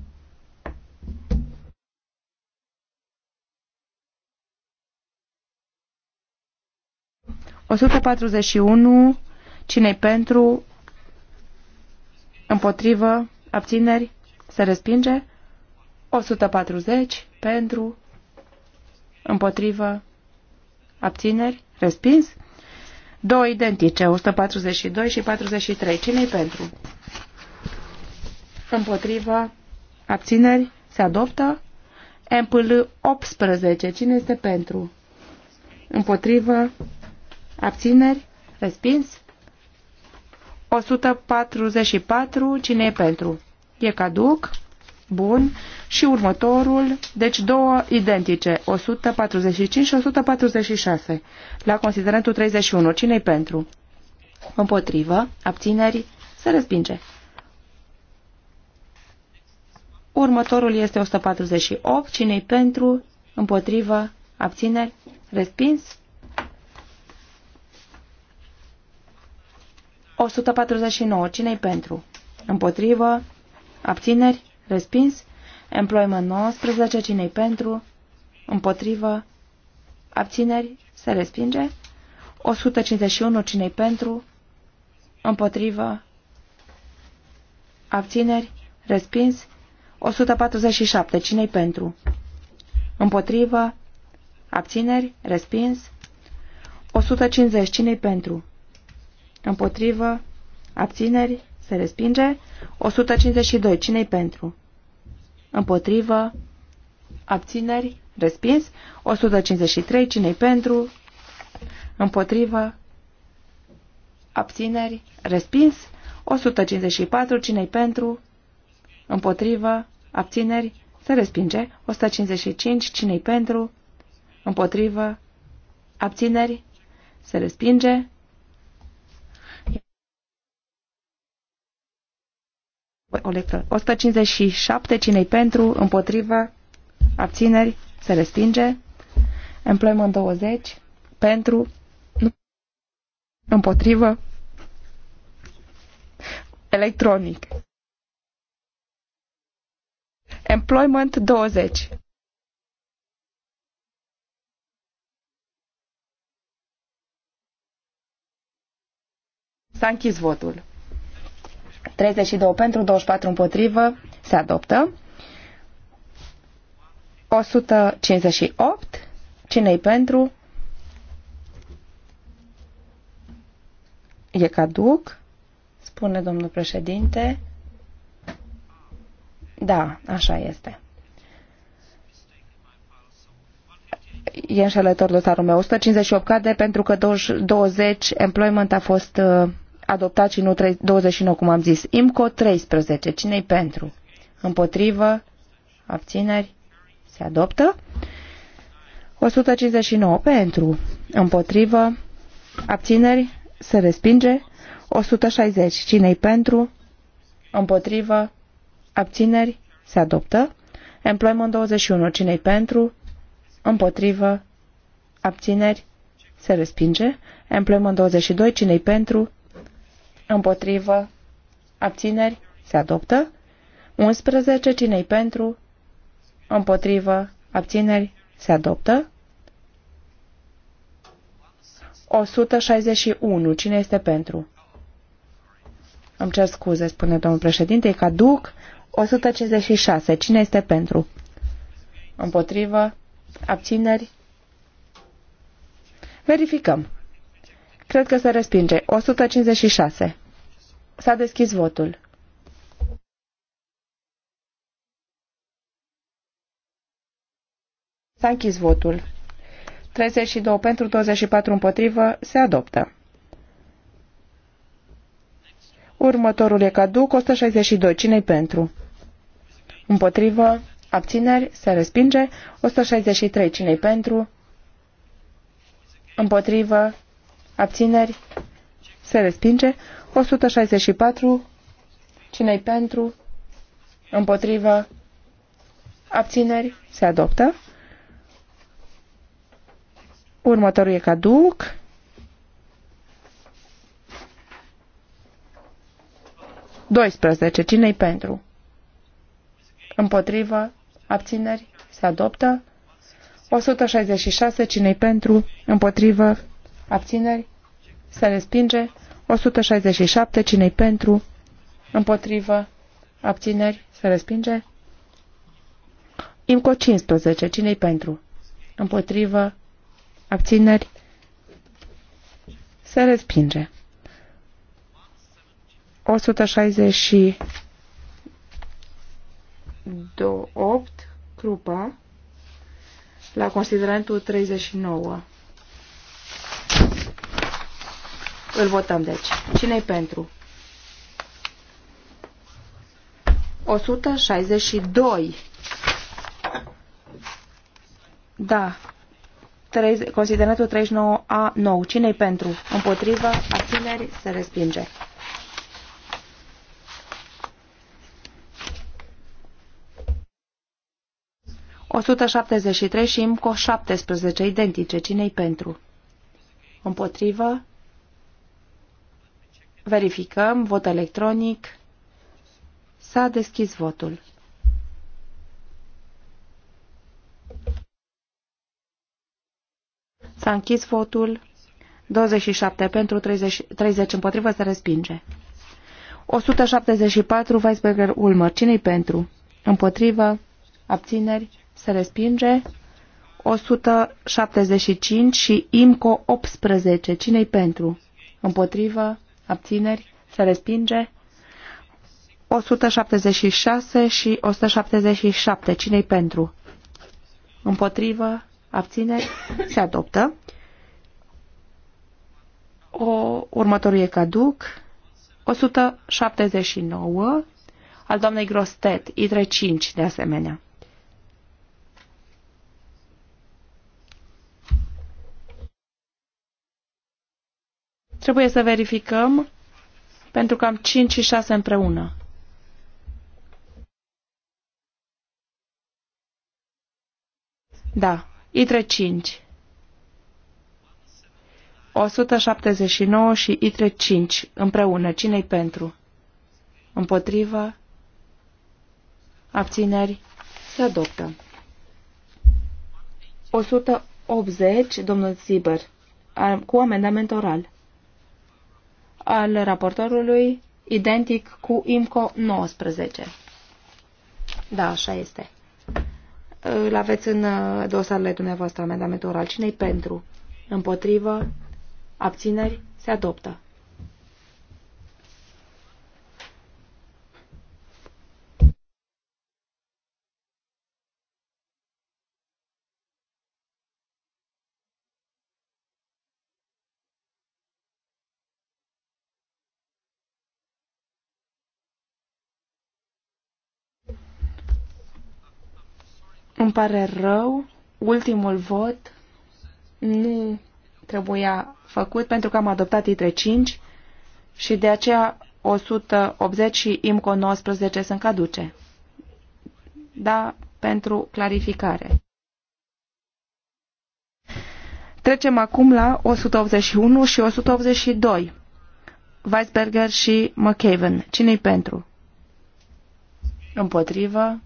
Speaker 2: O 141. Cine-i pentru? Împotrivă? Abțineri? Se respinge? 140. Pentru? Împotrivă? Abțineri? Respins? Două identice, 142 și 43. Cine-i pentru? împotrivă, abțineri, se adoptă. MPL 18, cine este pentru? Împotrivă, abțineri, respins. 144, cine e pentru? E caduc, bun. Și următorul, deci două identice, 145 și 146. La considerentul 31, cine e pentru? Împotrivă, abțineri, se respinge. Următorul este 148. Cine-i pentru? Împotrivă? Abțineri? Respins? 149. Cine-i pentru? Împotrivă? Abțineri? Respins? Employment 19. Cine-i pentru? Împotrivă? Abțineri? Se respinge? 151. Cine-i pentru? Împotrivă? Abțineri? Respins? 147. cine pentru? Împotrivă? Abțineri? Respins? 150. cine pentru? Împotrivă? Abțineri? Se respinge? 152. cine pentru? Împotrivă? Abțineri? Respins? 153. cine pentru? Împotrivă? Abțineri? Respins? 154. cine pentru? împotrivă, abțineri, se respinge. 155, cine-i pentru, împotrivă, abțineri, se respinge. O lectură. 157, cine-i pentru, împotrivă, abțineri, se respinge. Employment 20, pentru, nu, împotrivă, electronic. Employment 20. S-a închis votul. 32 pentru, 24 împotrivă, se adoptă. 158, cine-i pentru? E caduc, spune domnul președinte. Da, așa este. E înșelător dosarul meu. 158 cade pentru că 20 employment a fost uh, adoptat și nu 29, cum am zis. IMCO 13. Cine-i pentru? Împotrivă? Abțineri? Se adoptă? 159 pentru, împotrivă, abțineri, se respinge, 160, cine-i pentru, împotrivă, Abțineri? Se adoptă. Employment 21. cine pentru? Împotrivă? Abțineri? Se respinge. Employment 22. cine pentru? Împotrivă? Abțineri? Se adoptă. 11. cine pentru? Împotrivă? Abțineri? Se adoptă. 161. Cine este pentru? Îmi cer scuze, spune domnul președinte, că aduc 156. Cine este pentru? Împotrivă? Abțineri? Verificăm. Cred că se respinge. 156. S-a deschis votul. S-a închis votul. 32 pentru, 24 împotrivă, se adoptă. Următorul e caduc, 162. Cine-i pentru? împotrivă, abțineri, se respinge. 163, cine pentru, împotrivă, abțineri, se respinge. 164, cine pentru, împotrivă, abțineri, se adoptă. Următorul e caduc. Doisprezece. Cine-i pentru? împotrivă, abțineri, se adoptă. 166, cine pentru, împotrivă, abțineri, se respinge. 167, cine pentru, împotrivă, abțineri, se respinge. Imco 15, cine pentru, împotrivă, abțineri, se respinge. 160 8 grupa, la considerentul 39. Îl votăm, deci. Cine-i pentru? 162. Da. considerentul 39A9. Cine-i pentru? Împotriva, abțineri, se respinge. 173 și IMCO 17, identice. cine pentru? Împotrivă? Verificăm. Vot electronic. S-a deschis votul. S-a închis votul. 27 pentru 30, 30 împotrivă se respinge. 174 Weisberger Ulmer. cine pentru? Împotrivă? Abțineri? se respinge. 175 și IMCO 18. Cine-i pentru? Împotrivă? Abțineri? Se respinge. 176 și 177. Cine-i pentru? Împotrivă? Abțineri? Se adoptă. O, următorie caduc. 179 al doamnei Grostet, i 5 de asemenea. Trebuie să verificăm pentru că am 5 și 6 împreună. Da, ITRE 5. 179 și ITRE 5 împreună. Cine-i pentru? Împotrivă? Abțineri? Se adoptă. 180, domnul Ziber, cu amendament oral al raportorului, identic cu IMCO 19. Da, așa este. Îl aveți în uh, dosarele dumneavoastră amendamentul oral. Cine-i pentru? Împotrivă? Abțineri? Se adoptă. Îmi pare rău, ultimul vot nu trebuia făcut pentru că am adoptat ITRE 5 și de aceea 180 și IMCO 19 sunt caduce. Da, pentru clarificare. Trecem acum la 181 și 182. Weisberger și McCaven. Cine-i pentru? Împotrivă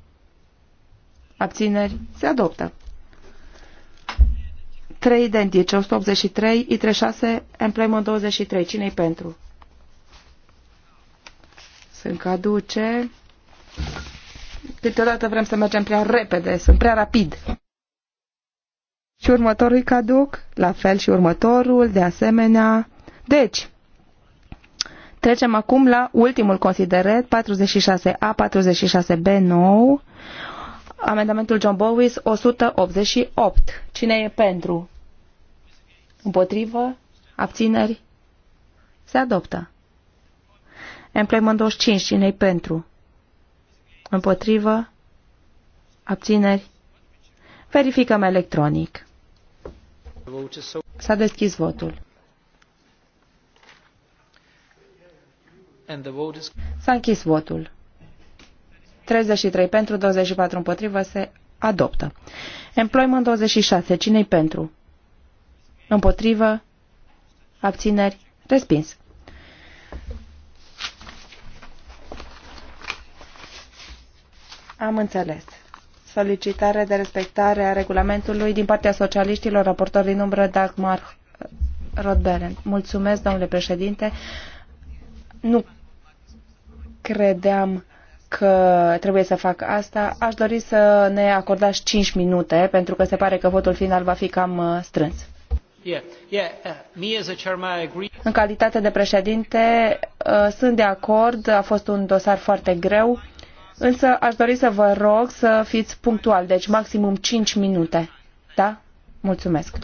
Speaker 2: abțineri, se adoptă. 3 identice, 183, i 6, employment 23. Cine-i pentru? Sunt caduce. Câteodată vrem să mergem prea repede, sunt prea rapid. Și următorul îi caduc, la fel și următorul, de asemenea. Deci, trecem acum la ultimul considerat, 46A, 46B9, Amendamentul John Bowis 188. Cine e pentru? Împotrivă? Abțineri? Se adoptă. Employment 25. cine e pentru? Împotrivă? Abțineri? Verificăm electronic.
Speaker 1: S-a deschis votul.
Speaker 2: S-a închis votul. 33 pentru, 24 împotrivă, se adoptă. Employment 26. Cine-i pentru? Împotrivă? Abțineri? Respins. Am înțeles. Solicitare de respectare a regulamentului din partea socialiștilor, raportor din umbră Dagmar Rodberen. Mulțumesc, domnule președinte. Nu credeam că trebuie să fac asta, aș dori să ne acordați 5 minute, pentru că se pare că votul final va fi cam uh, strâns. Uh, În calitate de președinte, uh, sunt de acord, a fost un dosar foarte greu, însă aș dori să vă rog să fiți punctual, deci maximum 5 minute. Da? Mulțumesc.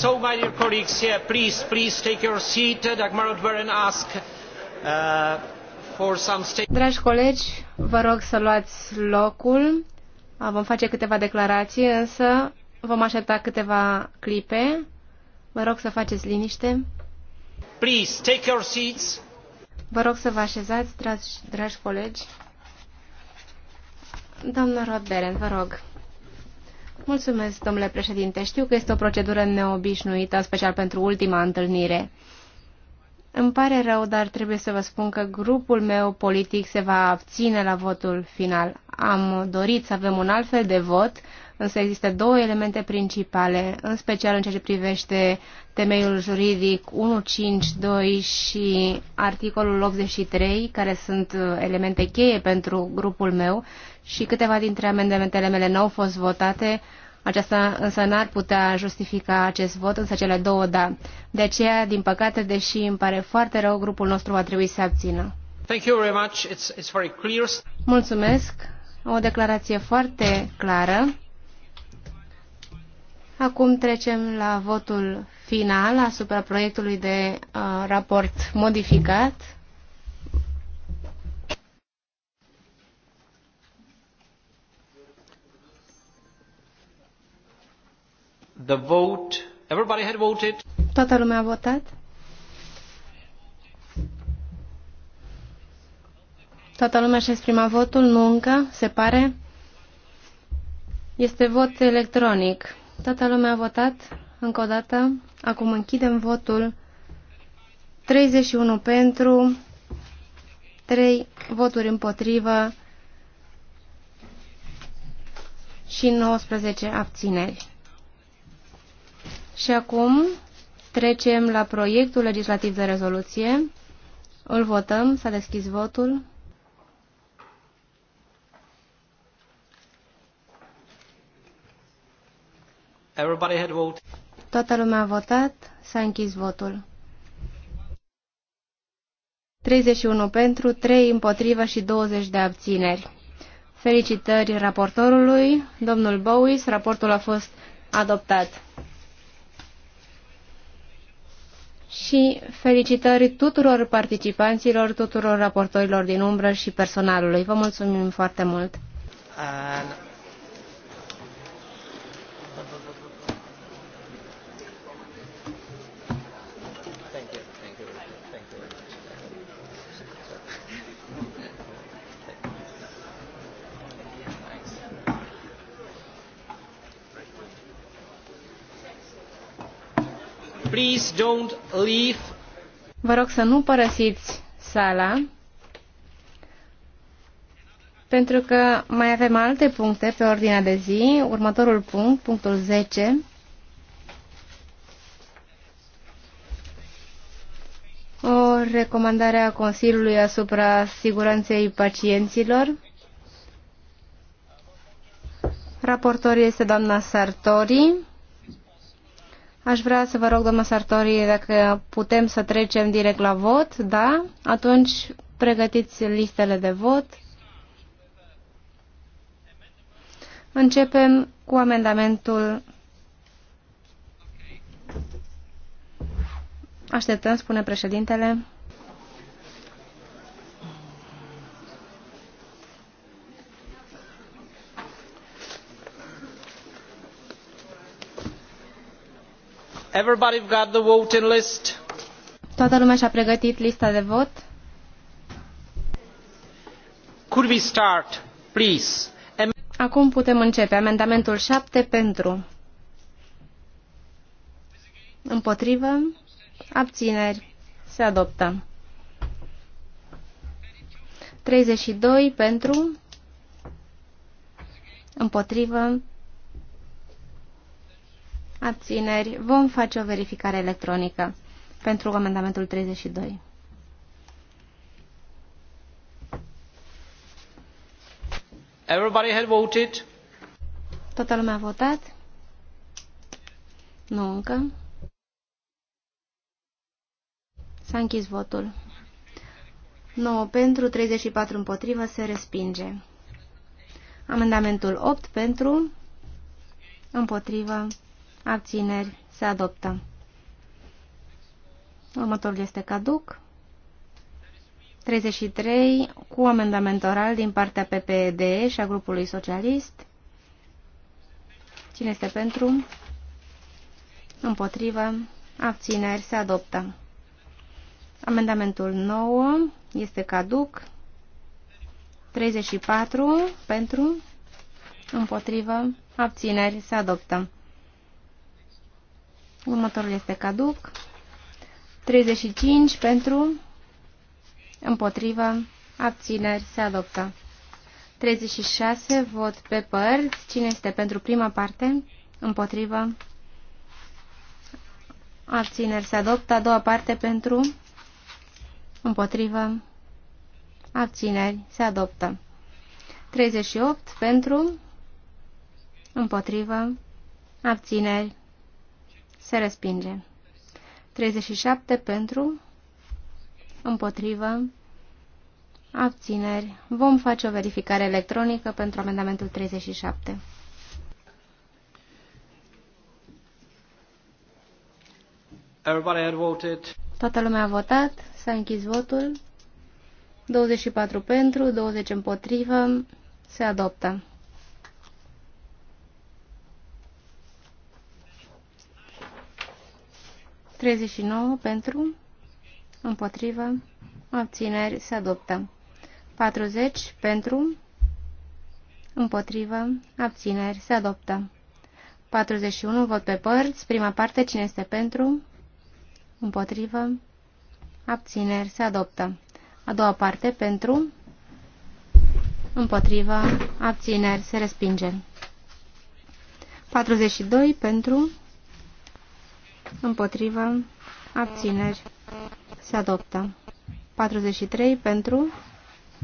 Speaker 1: So, my dear colleagues, here, please, please take your seat. Uh, Dagmar Odberen ask uh,
Speaker 4: for some Dragi colegi, vă rog să luați locul. Uh, vom face câteva declarații, însă vom aștepta câteva clipe. Vă rog să faceți liniște. Please,
Speaker 1: take your seats.
Speaker 4: Vă rog să vă așezați, dragi, dragi colegi. Doamna Rodberen, vă rog. Mulțumesc, domnule președinte. Știu că este o procedură neobișnuită, special pentru ultima întâlnire. Îmi pare rău, dar trebuie să vă spun că grupul meu politic se va abține la votul final. Am dorit să avem un alt fel de vot, însă există două elemente principale, în special în ceea ce privește temeiul juridic 152 și articolul 83, care sunt elemente cheie pentru grupul meu și câteva dintre amendamentele mele nu au fost votate, aceasta însă n-ar putea justifica acest vot, însă cele două da. De aceea, din păcate, deși îmi pare foarte rău, grupul nostru va trebui să se abțină.
Speaker 1: Thank you very much. It's, it's very clear.
Speaker 4: Mulțumesc. O declarație foarte clară. Acum trecem la votul final asupra proiectului de uh, raport modificat.
Speaker 1: The vote. Everybody had voted.
Speaker 4: Toată lumea a votat? Toată lumea și-a exprimat votul, nu încă, se pare. Este vot electronic. Toată lumea a votat, încă o dată. Acum închidem votul. 31 pentru, 3 voturi împotrivă și 19 abțineri. Și acum trecem la proiectul legislativ de rezoluție. Îl votăm. S-a deschis votul.
Speaker 1: Everybody had voted.
Speaker 4: Toată lumea a votat. S-a închis votul. 31 pentru, 3 împotrivă și 20 de abțineri. Felicitări raportorului, domnul Bowis. Raportul a fost adoptat și felicitări tuturor participanților, tuturor raportorilor din umbră și personalului. Vă mulțumim foarte mult!
Speaker 3: And...
Speaker 1: Please don't leave.
Speaker 4: Vă rog să nu părăsiți sala, pentru că mai avem alte puncte pe ordinea de zi. Următorul punct, punctul 10, o recomandare a Consiliului asupra siguranței pacienților. Raportorul este doamna Sartori. Aș vrea să vă rog, domnul Sartori, dacă putem să trecem direct la vot, da? Atunci pregătiți listele de vot. Începem cu amendamentul. Așteptăm, spune președintele.
Speaker 1: Everybody got the voting list?
Speaker 4: Toată lumea și-a pregătit lista de vot.
Speaker 1: Could we start, please?
Speaker 4: Acum putem începe. Amendamentul 7 pentru. Împotrivă. Abțineri. Se adoptă. 32 pentru. Împotrivă abțineri, vom face o verificare electronică pentru amendamentul 32.
Speaker 1: Everybody had voted.
Speaker 4: Toată lumea a votat? Nu încă. S-a închis votul. 9 pentru, 34 împotrivă, se respinge. Amendamentul 8 pentru, împotrivă, abțineri, se adoptă. Următorul este caduc. 33 cu amendament oral din partea PPD și a grupului socialist. Cine este pentru? Împotrivă. Abțineri. Se adoptă. Amendamentul 9 este caduc. 34 pentru. Împotrivă. Abțineri. Se adoptă. Următorul este caduc. 35 pentru, împotrivă, abțineri, se adoptă. 36, vot pe părți. Cine este pentru prima parte? Împotrivă. Abțineri se adoptă. A doua parte pentru. Împotrivă. Abțineri se adoptă. 38 pentru. Împotrivă. Abțineri se respinge. 37 pentru, împotrivă, abțineri. Vom face o verificare electronică pentru amendamentul 37.
Speaker 1: Everybody had voted.
Speaker 4: Toată lumea a votat, s-a închis votul. 24 pentru, 20 împotrivă, se adoptă. 39 pentru, împotrivă, abțineri, se adoptă. 40 pentru, împotrivă, abțineri, se adoptă. 41, vot pe părți, prima parte, cine este pentru, împotrivă, abțineri, se adoptă. A doua parte, pentru, împotrivă, abțineri, se respinge. 42, pentru, împotrivă, abțineri, se adoptă. 43 pentru,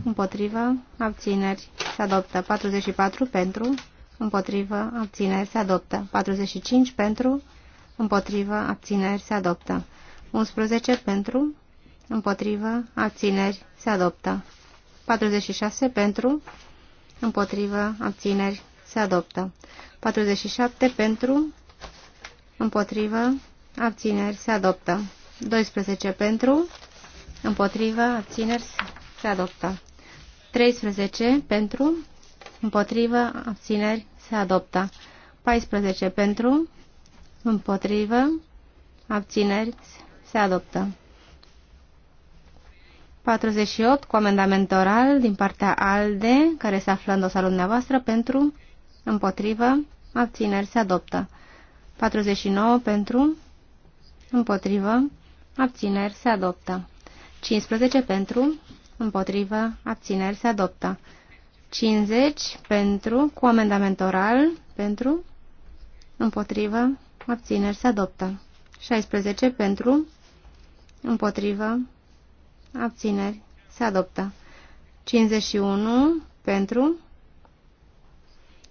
Speaker 4: împotrivă, abțineri, se adoptă. 44 pentru, împotrivă, abțineri, se adoptă. 45 pentru, împotrivă, abțineri, se adoptă. 11 pentru, împotrivă, abțineri, se adoptă. 46 pentru, împotrivă, abțineri, se adoptă. 47 pentru, împotrivă, abțineri, se adoptă. 12 pentru, împotrivă, abțineri, se adoptă. 13 pentru, împotrivă, abțineri, se adoptă. 14 pentru, împotrivă, abțineri, se adoptă. 48 cu amendament oral din partea ALDE, care se află în dosarul dumneavoastră, pentru, împotrivă, abțineri, se adoptă. 49 pentru, împotrivă, abțineri, se adoptă. 15 pentru, împotrivă, abțineri, se adoptă. 50 pentru, cu amendament oral, pentru, împotrivă, abțineri, se adoptă. 16 pentru, împotrivă, abțineri, se adoptă. 51 pentru,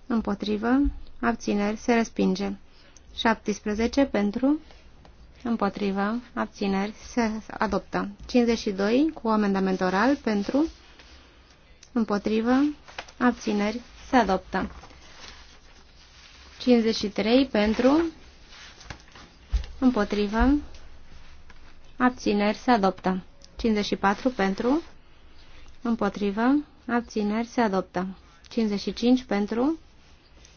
Speaker 4: împotrivă, abțineri, se respinge. 17 pentru, împotrivă, abțineri, se adoptă. 52 cu amendament oral pentru, împotrivă, abțineri, se adoptă. 53 pentru, împotrivă, abțineri, se adoptă. 54 pentru, împotrivă, abțineri, se adoptă. 55 pentru,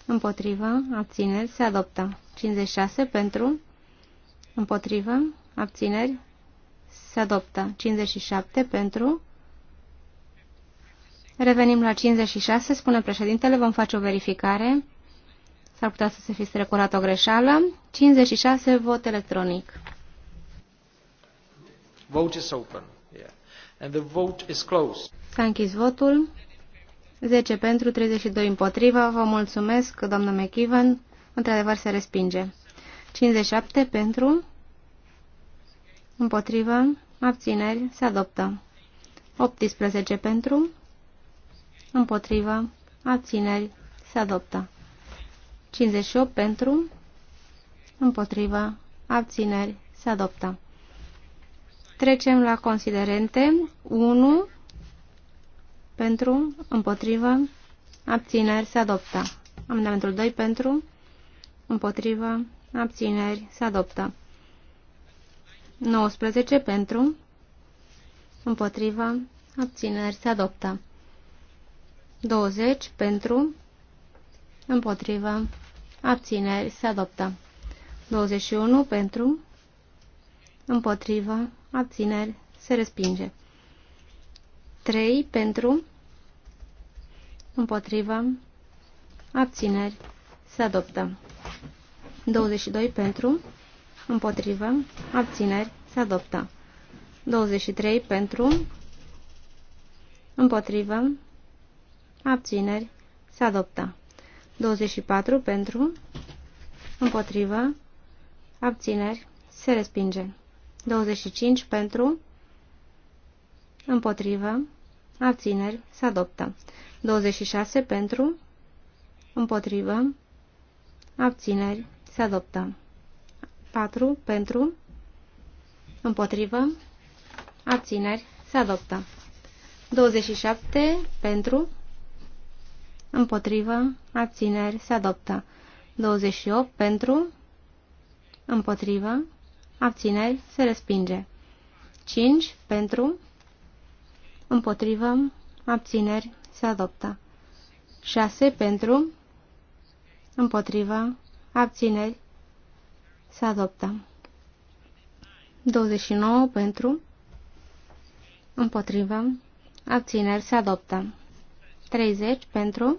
Speaker 4: împotrivă, abțineri, se adoptă. 56 pentru, Împotrivă. Abțineri. Se adoptă. 57 pentru. Revenim la 56, spune președintele, vom face o verificare. S-ar putea să se fi strecurat o greșeală. 56, vot electronic.
Speaker 1: Vote is open. Yeah. And the vote is
Speaker 4: closed. S-a închis votul. 10 pentru, 32 împotriva. Vă mulțumesc, doamnă McEwan. Într-adevăr se respinge. 57 pentru, împotrivă, abțineri, se adoptă. 18 pentru, împotrivă, abțineri, se adoptă. 58 pentru, împotrivă, abțineri, se adoptă. Trecem la considerente. 1 pentru, împotrivă, abțineri, se adoptă. Amendamentul 2 pentru, împotrivă, abțineri, se adoptă. 19 pentru, împotriva, abțineri, se adoptă. 20 pentru, împotriva, abțineri, se adoptă. 21 pentru, împotriva, abțineri, se respinge. 3 pentru, împotriva, abțineri, se adoptă. 22 pentru, împotrivă, abțineri, se adoptă. 23 pentru, împotrivă, abțineri, se adoptă. 24 pentru, împotrivă, abțineri, se respinge. 25 pentru, împotrivă, abțineri, se adoptă. 26 pentru, împotrivă, abțineri, se adoptă. 4 pentru, împotrivă, abțineri, se adoptă. 27 pentru, împotrivă, abțineri, se adoptă. 28 pentru, împotrivă, abțineri, se respinge. 5 pentru, împotrivă, abțineri, se adoptă. 6 pentru, împotrivă, Abțineri. Se adoptă. 29 pentru. Împotrivă. Abțineri. Se adoptă. 30 pentru.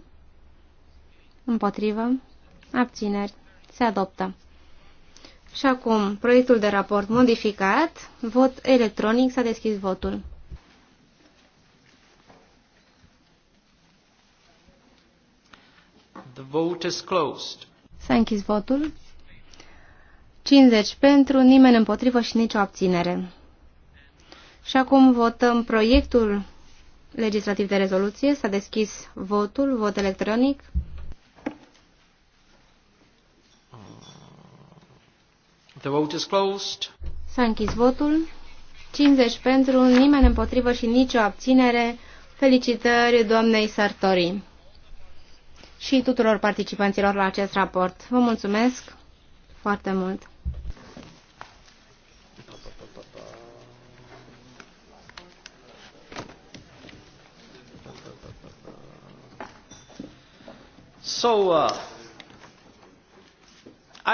Speaker 4: Împotrivă. Abțineri. Se adoptă. Și acum, proiectul de raport modificat, vot electronic, s-a deschis votul.
Speaker 1: The vote is closed.
Speaker 4: S-a închis votul. 50 pentru, nimeni împotrivă și nicio abținere. Și acum votăm proiectul legislativ de rezoluție. S-a deschis votul, vot electronic.
Speaker 1: The vote is closed.
Speaker 4: S-a închis votul. 50 pentru, nimeni împotrivă și nicio abținere. Felicitări doamnei Sartori și tuturor participanților la acest raport. Vă mulțumesc foarte mult!
Speaker 1: So, uh,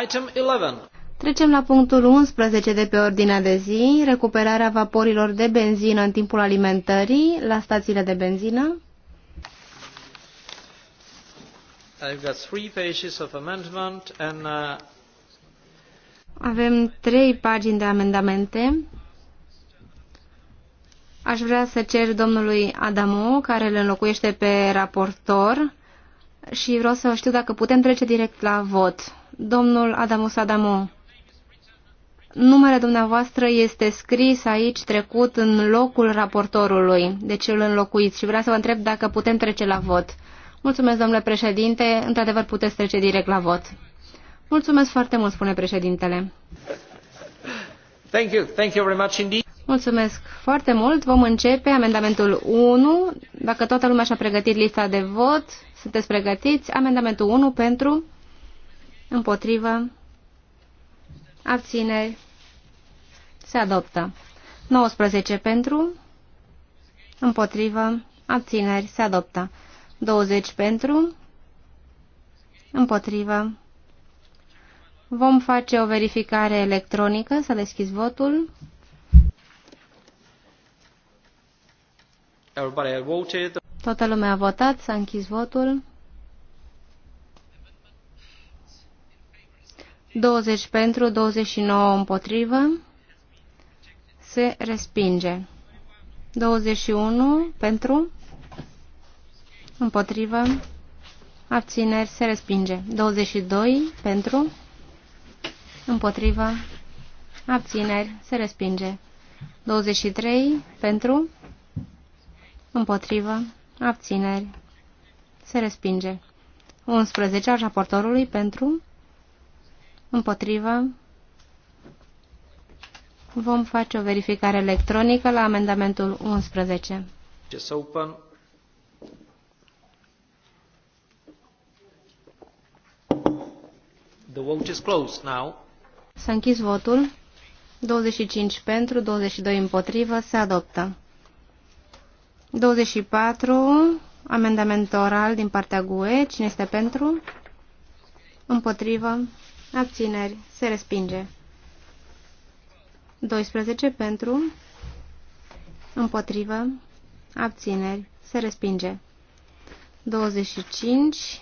Speaker 1: item 11.
Speaker 4: Trecem la punctul 11 de pe ordinea de zi, recuperarea vaporilor de benzină în timpul alimentării la stațiile de benzină. Uh, Avem trei pagini de amendamente. Aș vrea să cer domnului Adamu, care îl înlocuiește pe raportor, și vreau să știu dacă putem trece direct la vot. Domnul Adamus Adamo, numele dumneavoastră este scris aici trecut în locul raportorului, deci îl înlocuiți și vreau să vă întreb dacă putem trece la vot. Mulțumesc, domnule președinte. Într-adevăr, puteți trece direct la vot. Mulțumesc foarte mult, spune președintele.
Speaker 1: Thank you. Thank you very much indeed.
Speaker 4: Mulțumesc foarte mult. Vom începe amendamentul 1. Dacă toată lumea și-a pregătit lista de vot, sunteți pregătiți. Amendamentul 1 pentru, împotrivă, abțineri, se adoptă. 19 pentru, împotrivă, abțineri, se adoptă. 20 pentru, împotrivă. Vom face o verificare electronică, să deschizi votul. Toată lumea a votat, s-a închis votul. 20 pentru, 29 împotrivă. Se respinge. 21 pentru, Împotrivă. Abțineri se respinge. 22 pentru. Împotrivă. Abțineri se respinge. 23 pentru. Împotrivă. Abțineri se respinge. 11 al raportorului pentru. Împotrivă. Vom face o verificare electronică la amendamentul 11.
Speaker 1: The vote is closed now.
Speaker 4: S-a închis votul. 25 pentru, 22 împotrivă. Se adoptă. 24. Amendament oral din partea GUE. Cine este pentru? Împotrivă. Abțineri. Se respinge. 12 pentru. Împotrivă. Abțineri. Se respinge. 25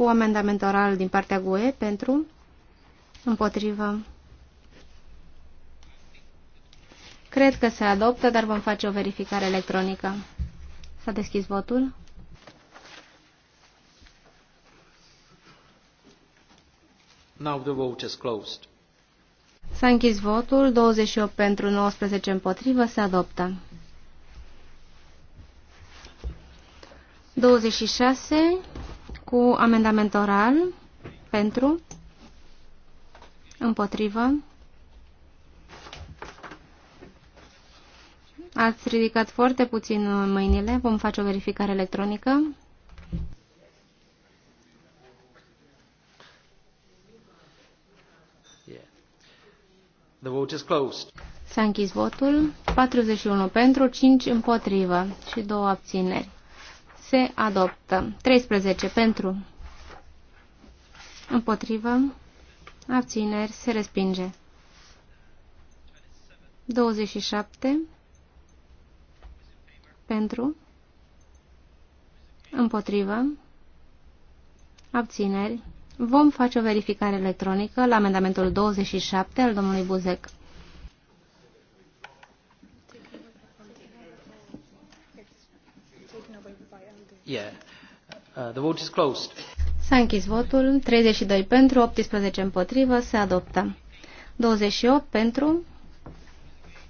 Speaker 4: cu amendament oral din partea GUE pentru, împotrivă. Cred că se adoptă, dar vom face o verificare electronică. S-a deschis votul.
Speaker 1: Now the vote is closed.
Speaker 4: S-a închis votul, 28 pentru, 19 împotrivă, se adoptă. 26 cu amendament oral pentru, împotrivă. Ați ridicat foarte puțin mâinile. Vom face o verificare electronică. S-a închis votul. 41 pentru, 5 împotrivă și 2 abțineri se adoptă. 13 pentru, împotrivă, abțineri, se respinge. 27 pentru, împotrivă, abțineri. Vom face o verificare electronică la amendamentul 27 al domnului Buzec.
Speaker 1: Uh,
Speaker 4: S-a închis votul. 32 pentru, 18 împotrivă. Se adoptă. 28 pentru,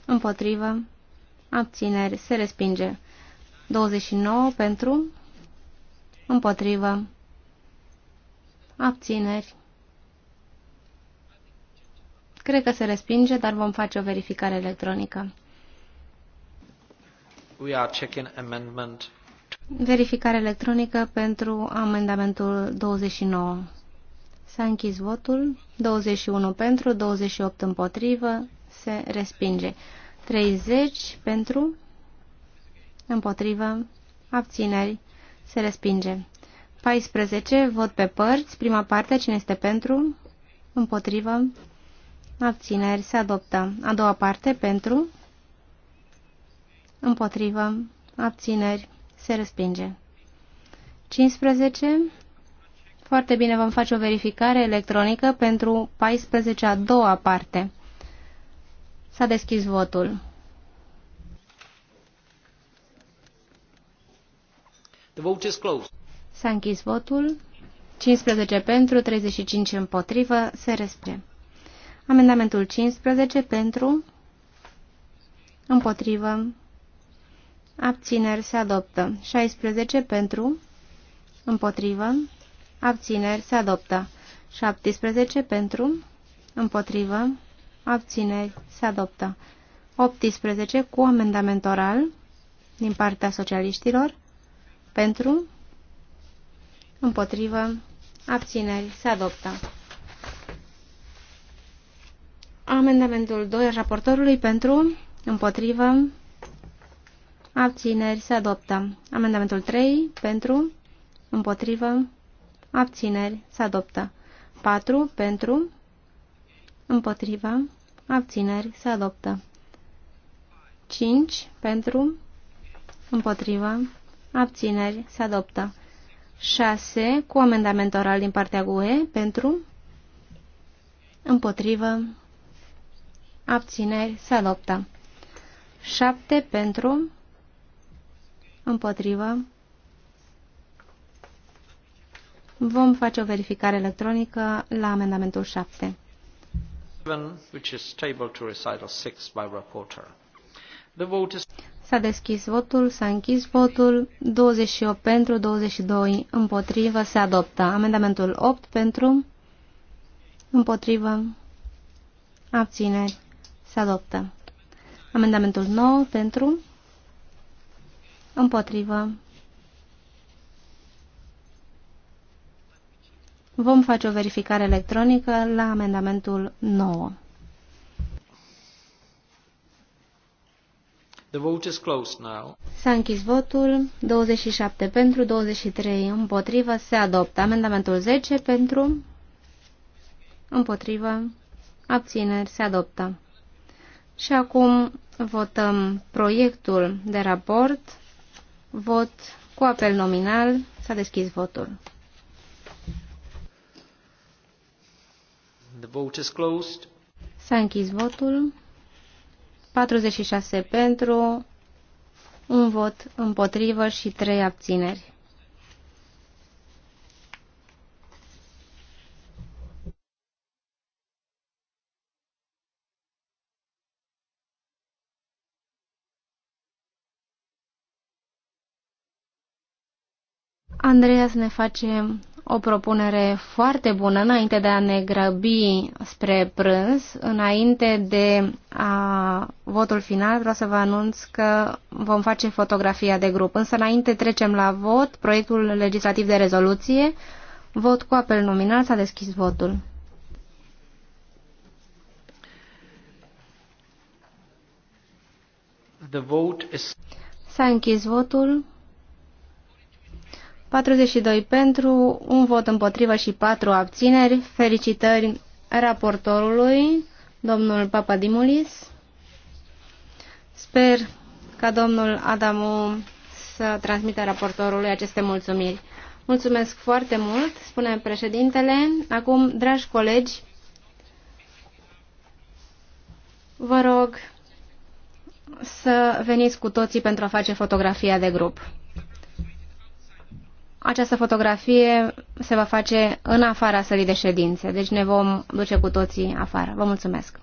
Speaker 4: împotrivă, abțineri. Se respinge. 29 pentru, împotrivă, abțineri. Cred că se respinge, dar vom face o verificare electronică.
Speaker 1: We are checking amendment
Speaker 4: Verificare electronică pentru amendamentul 29. S-a închis votul. 21 pentru, 28 împotrivă. Se respinge. 30 pentru, împotrivă, abțineri. Se respinge. 14. Vot pe părți. Prima parte. Cine este pentru? Împotrivă. Abțineri. Se adoptă. A doua parte. Pentru. Împotrivă. Abțineri. Se respinge. 15. Foarte bine, vom face o verificare electronică pentru 14 a doua parte. S-a deschis votul.
Speaker 1: The vote is closed.
Speaker 4: S-a închis votul. 15 pentru, 35 împotrivă, se respinge. Amendamentul 15 pentru, împotrivă, Abțineri se adoptă. 16 pentru. Împotrivă. Abțineri se adoptă. 17 pentru. Împotrivă. Abțineri se adoptă. 18 cu amendament oral din partea socialiștilor. Pentru. Împotrivă. Abțineri se adoptă. Amendamentul 2 al raportorului pentru. Împotrivă. Abțineri se adoptă. Amendamentul 3 pentru, împotrivă, abțineri se adoptă. 4 pentru, împotrivă, abțineri se adoptă. 5 pentru, împotrivă, abțineri se adoptă. 6 cu amendament oral din partea GUE pentru, împotrivă, abțineri se adoptă. 7 pentru, Împotrivă. Vom face o verificare electronică la amendamentul 7. S-a deschis votul, s-a închis votul, 28 pentru, 22 împotrivă, se adoptă. Amendamentul 8 pentru, împotrivă, abțineri, se adoptă. Amendamentul 9 pentru, Împotrivă. Vom face o verificare electronică la amendamentul 9.
Speaker 1: The vote is closed now.
Speaker 4: S-a închis votul. 27 pentru, 23 împotrivă. Se adoptă amendamentul 10 pentru, împotrivă, abțineri. Se adoptă. Și acum votăm proiectul de raport Vot cu apel nominal. S-a deschis votul.
Speaker 1: The vote is closed.
Speaker 4: S-a închis votul. 46 pentru, un vot împotrivă și 3 abțineri. Andreas ne face o propunere foarte bună înainte de a ne grăbi spre prânz. Înainte de a, votul final vreau să vă anunț că vom face fotografia de grup. Însă înainte trecem la vot, proiectul legislativ de rezoluție. Vot cu apel nominal s-a deschis votul.
Speaker 1: The vote is...
Speaker 4: S-a închis votul. 42 pentru, un vot împotrivă și 4 abțineri. Felicitări raportorului, domnul Papadimulis. Sper ca domnul Adamu să transmită raportorului aceste mulțumiri. Mulțumesc foarte mult, spune președintele. Acum, dragi colegi, vă rog să veniți cu toții pentru a face fotografia de grup. Această fotografie se va face în afara sălii de ședințe, deci ne vom duce cu toții afară. Vă mulțumesc!